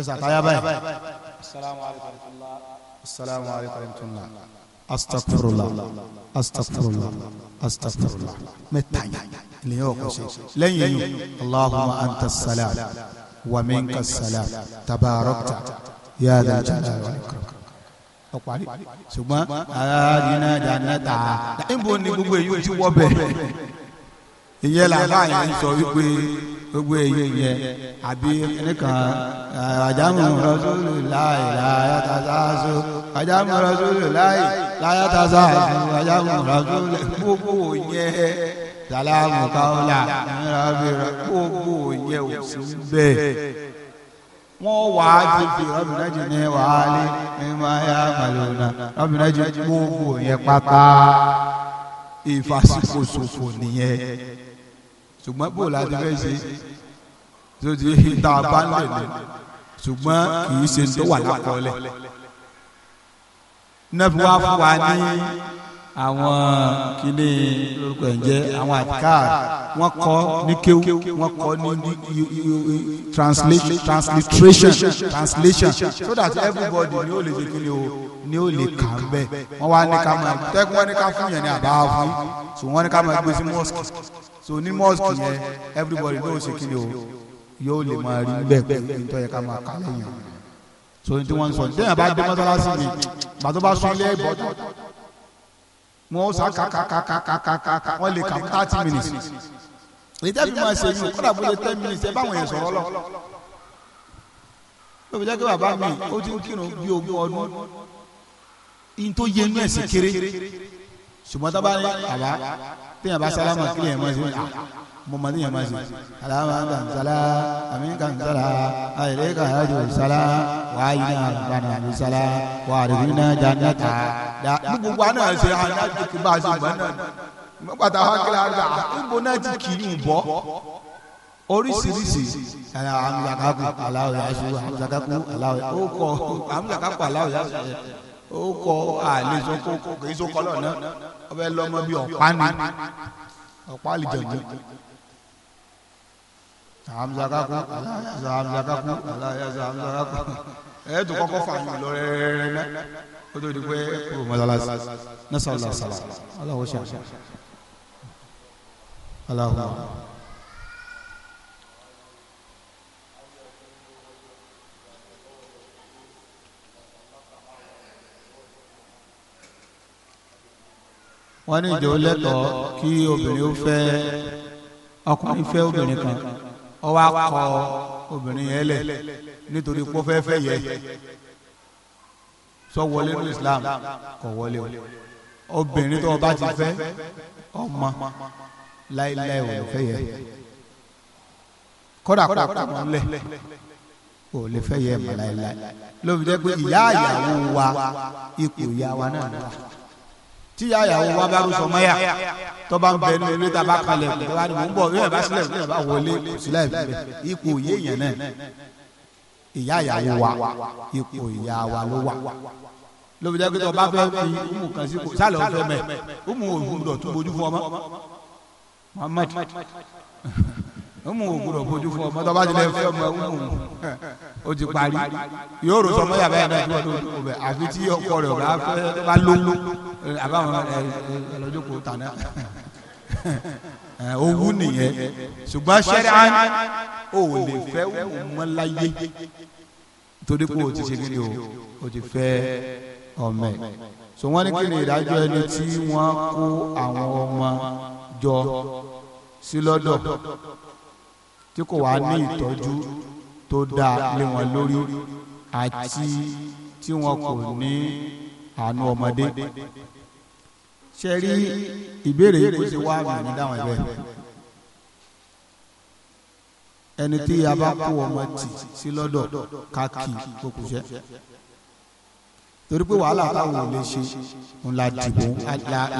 ẹsẹ àtàyà báyìí. asalaamu alaykum wa rahmatulah. astagfirullah astagfirullah astagfirullah mẹ́ta yẹn lẹ́yìn ọkọ ṣe lẹ́yìn yìí allahumma anta salam wa minka salam tabarakta ya dal jalal wal ikram ọ̀parí gbogbo èyí ti wọ́ bẹ̀ ìyẹn làbáyé ń sọ wípé gbogbo èyí yẹ àbí nìkan àjàmù rọ́sùlù láì láyàtà sáàsù àjàmù rọ́sùlù láì láyàtà sáàsù àjàmù rọ́sùlù gbogbo yẹ sàlámù káwọlà nírọ̀bìrọ̀ gbogbo yẹ ò sí bẹ́ẹ̀ wọ́n wà á ti fi rọ́bìnájì ní wàhálì mímọ́ ayá màlúùnà rọ́bìnájì gbogbo yẹ pátá ìfàsíkò ṣòfò nìyẹn ṣùgbọ́n bó la ti fẹ́ ṣe tó ti ta balẹ̀ lẹ̀ ṣùgbọ́n kì í ṣe tó wà lákọọ́lẹ̀ náà fi wá fún wa ní àwọn kíní lórúkọ ẹ̀ ń jẹ́ àwọn àtikáà wọ́n kọ́ ní kéwú wọ́n kọ́ ní translation translation so that everybody ni ó lè ṣe kíni o ni ó lè kà ń bẹ̀ wọ́n wá ní ká máa tẹ́kun wọ́n ní ká fún yẹn ní àbá fún so wọ́n ní ká máa gbé sí mosque so ní mosque yẹn everybody ni ó ṣe kíni o yóò lè máa rí bẹ́ẹ̀ pé nítorí yẹ ká máa kà lẹ́yìn so ní tí wọ́n ń sọ ní tẹ́yìn bá dé mọ́sálásí mi gbàtọ́ bá sún ilé ìbọ̀dọ̀ wọn ó sá kàkàkàkàkàkà wọn lè kà thirty minutes ìtẹ́bí máa ṣe yìí kọ́dà bó ten minutes ẹ báwọn yẹn sọ̀rọ̀ lọ. bẹ́ẹ̀ bí jẹ́ kí bàbá mi ó ti ń kírun bí ogún ọdún yìí tó yé inú ẹ̀sìn kéré ṣùgbọ́n tábà ní àbá téèyàn bá sálámà kílẹ̀ ẹ̀ máa ṣe wọ́n mo mọ níyàn máa ṣe alama kansala ami kansala ayẹlẹ kayajo sala wàá yìí náà àlùbánà àbí sala wàá rìbí náà jáde ta. ní gbogbo àná ṣe àná kí bá a ṣe gbọ́n náà pàtàkì àwọn akẹ́lẹ́ àgbà ìbò náà ti kì í bọ́ oríṣiríṣi amúyàkákù aláwọ yasu amúyàkákù aláwọ ó kọ amúyàkákù aláwọ yasu ó kọ àlejò kò kò kò èso kọlọ náà ọbẹ lọmọ bíi ọ̀pá ni ọ̀pá àlìjọ̀jọ̀ sàmùsàkàkù sàmùsàkàkù sàmùsàkàkù ẹ tó kọ́kọ́ fà mí lọ rẹ́rẹ́rẹ́ náà ó tó di pé kúrò mọ́sálásí nasala sala aláwo ṣe aláwo. wọ́n ní ìjọ lẹ́tọ̀ọ́ kí obìnrin ó fẹ́ ọkùnrin fẹ́ obìnrin kan ọwọ́ akọ obìnrin yẹn lẹ̀ nítorí pọ́fẹ́fẹ́ yẹ sọ wọlé ní Islam kò wọlé o obìnrin tó o bá ti fẹ́ ọmọ láéláé ò lè fẹ́ yẹ kódà kó àpamọ́ lẹ̀ ò lè fẹ́ yẹ mọ́ láéláé lóbi jẹ́ pé ìyá àyàwó wa ipò ìyá wa náà tí ìyá àyàwó wa bá rú sọmọ́yà tọ́ba ń bẹ ní ilé tàbá kalẹ̀ kò tọ́ba ni mò ń bọ̀ yóò bá sílẹ̀ kò bá wọlé kò sílẹ̀ bẹ̀ ipò òye yẹn náà ìyá ìyàwó wa ipò ìyá wa ló wà lóbi jẹ́ pé tọ́ba fẹ́ fi umu kan sí kò sálẹ̀ ọ̀fẹ́ mẹ́ umu ògùdọ̀ tó bójú fún ọmọ Muhammad umu ògùdọ̀ bójú fún ọmọ tọ́ba tilẹ̀ fẹ́ ọmọ umu o ti parí yóò rò sọmọ yàrá yàrá yàrá tó tó bẹ àfi tí ọkọ rẹ ọba fẹ́ bá lóńgbò àbáwọn ẹ ẹ lọ́jọ́ kò tà náà owú nìyẹn ṣùgbọ́n ṣẹ́ríà ò lè fẹ́ wù mọ́ láyé torí pé o ti ṣe kí ni o o ti fẹ́ ọmọ ẹ̀ so wọ́n ní kí ni ìdájọ́ ẹni tí wọ́n kó àwọn ọmọ jọ sí lọ́dọ̀ tí kò wá ní ìtọ́jú tó dáa lé wọn lórí àti tí wọn kò ní àánú ọmọdé ṣe rí ìbéèrè yìí kò ṣe wá mi ní dáhùn ẹ̀bẹ̀ ẹni tí a bá kó ọmọ tì sí lọ́dọ̀ káàkì tó kù ṣẹ́ torí pé wàhálà táwọn ò lè ṣe ń la dìbò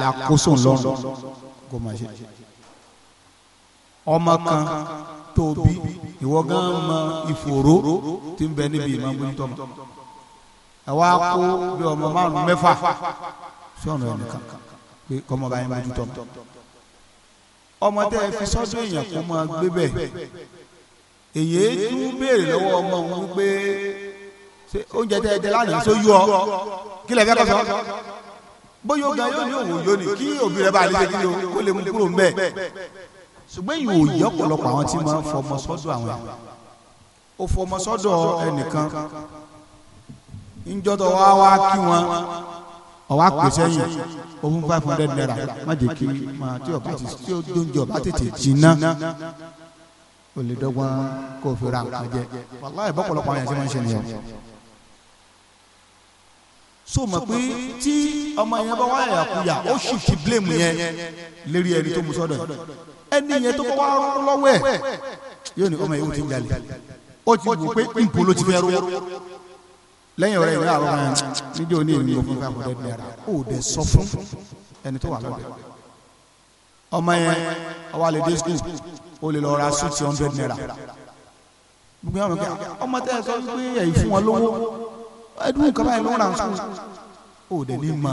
la kó sóun lọ́rùn kó máa ṣe ọmọ kan tó bí ìwọ gan mọ ìfòró tí ń bẹ níbi ìmọ̀ gbóyúntọ́mọ ẹ wá kó bí ọmọ márùn mẹ́fà sọ̀rọ̀ ẹnìkan kan pé kọ́mọ bá yín bójú tọ́ ọmọ tẹ́ ẹ fi sọ́dọ̀ èèyàn kó máa gbé bẹ́ẹ̀ èyí tún béèrè lọ́wọ́ ọmọ òun pé oúnjẹ tẹ́ ẹ jẹ lánàá só yú ọ kí lè fẹ́ kọ́ sọ bóyá ó ga yóò ní òwò yóò ní kí òbí rẹ bá lè ṣe kí ló kó lè mú kúrò ńbẹ ṣùgbọ́n ìwò yìí ọ̀pọ̀lọpọ̀ àwọn tí máa ń fọmọ sọ́dọ̀ àwọn ẹ̀ ó fọmọ sọ́dọ̀ ẹnìkan ńjọ́tọ̀ wá wá kí wọn ọwọ́ àpò sẹ́yìn ohun five hundred naira má jẹ́ kí máa tí ọba ti tí ó dóúnjẹ ọba tètè jiná o lè dọ́gbọ́n kó o fi ra nǹkan jẹ wàláhì bọ́pọ̀lọpọ̀ àwọn yẹn ti máa ń ṣe nìyẹn. so mọ̀ pé tí ọmọ yẹn bá wá ẹ̀yàkuyà ó sì ti blame yẹn lérí ẹni tó mú sọ́dọ̀ ẹni yẹn tó bá wá lọ́wọ́ ẹ̀ yóò ní ọmọ yẹn ó ti ń jalè ó ti wù pé ìpolówó ti fẹ́ rú lẹ́yìn ọ̀rẹ́ ìwé àwọn ọ̀rẹ́ níjẹ́ òní èmi ò fún five hundred naira ó dẹ̀ sọ fún ẹni tó wà lọ́dẹ̀ ọmọ yẹn ọwọ́ àlejò school ó lè lọ ra suit hundred naira gbogbo àwọn ọmọ kẹ ọmọ tẹ ẹ sọ pé ẹ̀yìn fún wọn lówó ẹdun kaba yẹn ló ń ra school ó dẹ̀ ní ma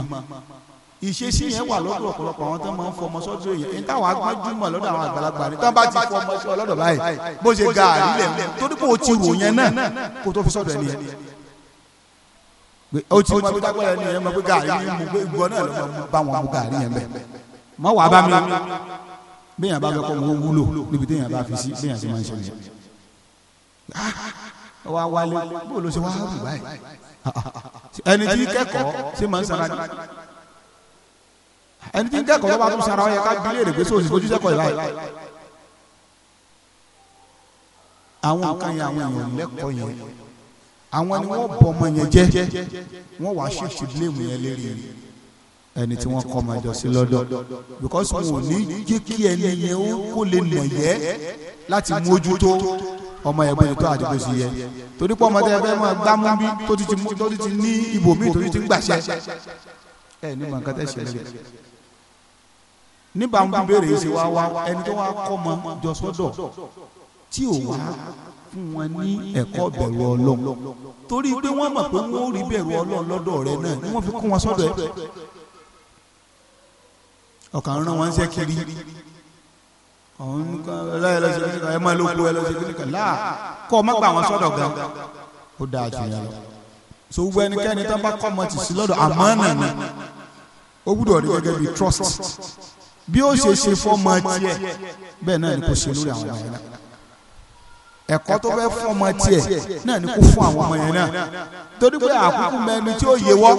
ìṣesí yẹn wà lọ́dọ̀ ọ̀pọ̀lọpọ̀ àwọn tó máa ń fọmọ sọ́dọ̀ èèyàn èyí táwọn agbájúmọ̀ lọ́dọ̀ àwọn àgbàlagbà ni tó bá ti fọmọ sí ọlọ́dọ̀ báyìí bó ṣe ga àrílẹ̀ torí pé o ti rò yẹn náà kó tó fi sọ́dọ̀ ẹ̀ nìyẹn o ti mọ abita gbọ́dọ̀ ni yẹn mọ pé gàrí mu pé ìgbọ́ náà ló mọ bá wọn mu gàrí yẹn bẹ́ẹ̀ mọ wàá bá mi bẹ́ẹ̀ bá fẹ́ kọ́ wọn wúlò níbi téèyàn bá fi sí bẹ́ẹ̀ sì máa ń ṣẹlẹ̀ ah, wa wálé bó ló ṣe wá rù báyìí ẹni tí kẹ́kọ̀ọ́ ṣe máa ń sara ni ẹni tí kẹ́kọ̀ọ́ ló bá tún sara ọ yẹ ká bílẹ̀ rẹ̀ gbé sóòsì fojú sẹ́kọ̀ọ́ yìí báyìí àwọn kan yẹ àwọn èèyàn lẹ́kọ̀ọ́ yẹn àwọn ni wọ́n bọ ọmọ yẹn jẹ́ wọ́n wàá ṣèṣì blame yẹn lérí ẹni tí wọ́n kọ́ ọmọ ẹjọ́ sí lọ́dọ̀ because wọn ò ní jẹ́ kí ẹni yẹn ó kó lè mọ̀ yẹ́ láti mójútó ọmọ ẹ̀gbọ́n yẹn tó àdúgbò sí yẹ torí pé ọmọ tẹ ẹ fẹ́ máa gbámú bí tó ti ti ní ibòmíì tó ti ti gbàṣẹ ẹ ní mọ̀ nǹkan tẹ́ ṣe lẹ́yìn níbà ń béèrè ìṣèwà wa ẹni tó wá kọ́ ọmọ jọ sọ́dọ̀ tí ò wá fún wọn ní ẹ̀kọ́ bẹ̀rù ọlọ́run torí pé wọ́n mọ̀ pé wọ́n rí bẹ̀rù ọlọ́run lọ́dọ̀ rẹ náà ni wọ́n fi kún wọn sọ́dọ̀ ẹ̀ ọ̀kan rán wọn ṣẹ́ kiri ọ̀hún ẹlẹ́sẹ̀ ẹ máa ló kú ẹlẹ́sẹ̀ kiri kan kọ́ ọ má gbà wọn sọ́dọ̀ gan ó dáa jù yẹn lọ so gbogbo ẹnikẹ́ni tó bá kọ́ ọmọ tì sí lọ́dọ̀ àmọ́ nàní ó gbúdọ̀ rí gẹ́gẹ́ bí trust bí ó ṣe ṣe fọ́ ọmọ tiẹ̀ bẹ́ẹ̀ náà ni kò ṣe lórí àwọn ọmọ yẹn náà ẹ̀kọ́ tó fẹ́ fún ọmọ tiẹ̀ náà ni kó fún àwọn ọmọ yẹn náà torí pé àkókò mẹ́ni tí ó yẹ wọ́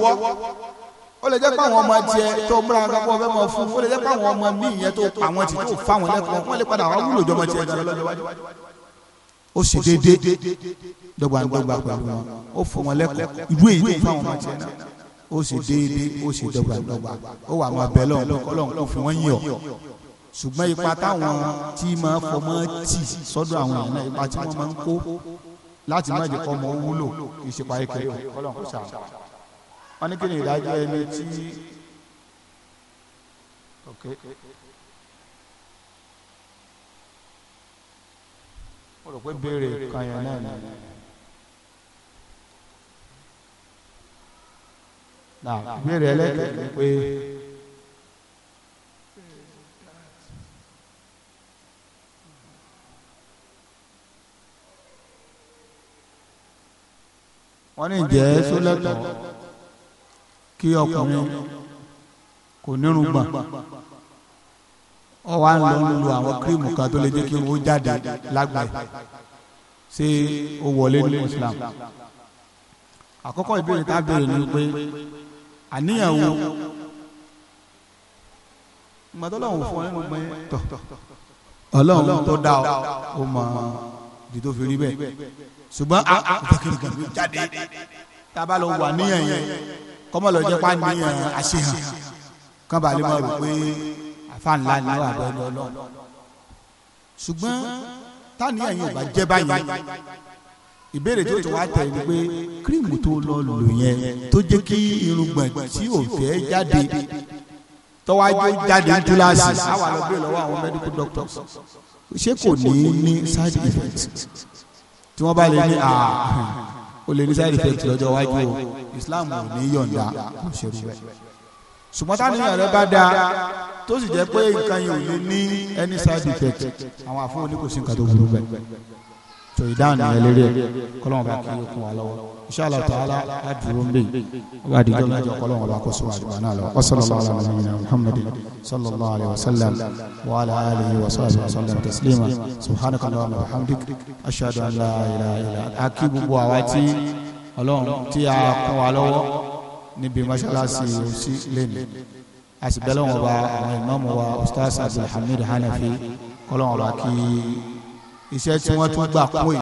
ó lè jẹ́ pé àwọn ọmọ tiẹ̀ tó múra kápọ̀ fẹ́ mọ̀ fún ó lè jẹ́ pé àwọn ọmọ míì yẹn tó àwọn tí tó fáwọn lẹ́kọ̀ọ́ wọ́n lè padà wọ́n wúlò jọmọ tiẹ̀ gan lọ́jọ́ wájú ó sì déédé dọ́gbandọ́gba pẹ̀lú wọn ó fún wọn lẹ́kọ̀ọ́ ìlú èyí tó fáwọn ọmọ tiẹ̀ náà ó sì déédé ó sì dọ́gbandọ́gba ó wà máa bẹ̀ lọ́wọ́ kọ́lọ́ọ̀ ṣùgbọ́n ipa táwọn tí máa fọmọ tì sọ́dọ̀ àwọn ìlànà ipa tí wọ́n máa ń kó láti má jẹ́ kọ́ mọ wúlò kì í ṣe parí kiri ọlọ́run wọ́n ní kí ni ìdájọ́ ẹni tí mo rò pé béèrè kan yẹn náà ni. na ìbéèrè ẹlẹ́kẹ̀ẹ́ pé. wọ́n ní jẹ́ sólẹ́tọ̀ kí ọkùnrin kò nírun gbà ọwọ́ à ń lọ ń lo àwọn kírímù kan tó lè jẹ́ kí wọ́n jáde lágbàá ṣé ó wọlé ní Islam àkọ́kọ́ ìbéèrè tá a béèrè ni pé àníyàn wo mọ̀tọ́lọ́hún fún ẹ gbọ́n tọ̀ ọlọ́run tó dá ọ ó mọ̀ ọ́ tó fi rí bẹ́ẹ̀ ṣùgbọ́n a Abubakar Gami jáde tábà lọ wà níyàn yẹn kọ́mọ lọ jẹ́ pa níyàn àṣehàn kán bàa lè máa rò pé àfa ńlá ni wà bẹ́ẹ̀ lọ́lọ́ ṣùgbọ́n táníyàn yẹn ò bá jẹ́ báyìí ìbéèrè tó ti wá tẹ̀ ni pé kírímù tó lọ lò yẹn tó jẹ́ kí irùngbọ̀n tí ò jáde tọ́wájú jáde túláàsì àwọn àlọ́ bí lọ́wọ́ àwọn medical doctors ṣé kò ní ní side effects tí wọ́n bá lè ní à ó ah, ah, ah, lè ní side effect lọ́jọ́ iwájú o Islam ò ní yọ̀ǹda kò ṣerú rẹ̀ ṣùgbọ́n táníyàn rẹ bá dáa tó sì jẹ́ pé nǹkan yìí ò ní ní any side effect àwọn àfọwọ́ni kò sí nǹkan tó burú bẹ́ẹ̀ tó ìdáhùn yẹn lérí ẹ kọlọ́wọ́n bá kí okun wa lọ́wọ́ inṣàlá tààlà á dúró ń bè wá dìjọ́ mẹ́jọ kọlọ́wọ́n bá kó sọ àdìbò náà lọ wasalaamu ala nabiyina muhammad sallallahu alayhi wa sallam wa ala alihi wa sallam wa sallam taslima subhanaka wa alhamdik ashadu an la ilaha illa aki gbogbo àwa tí ọlọ́run tí a kún wa lọ́wọ́ níbi mọ́ṣáláṣí iṣẹ́ tí wọ́n tún gbà kún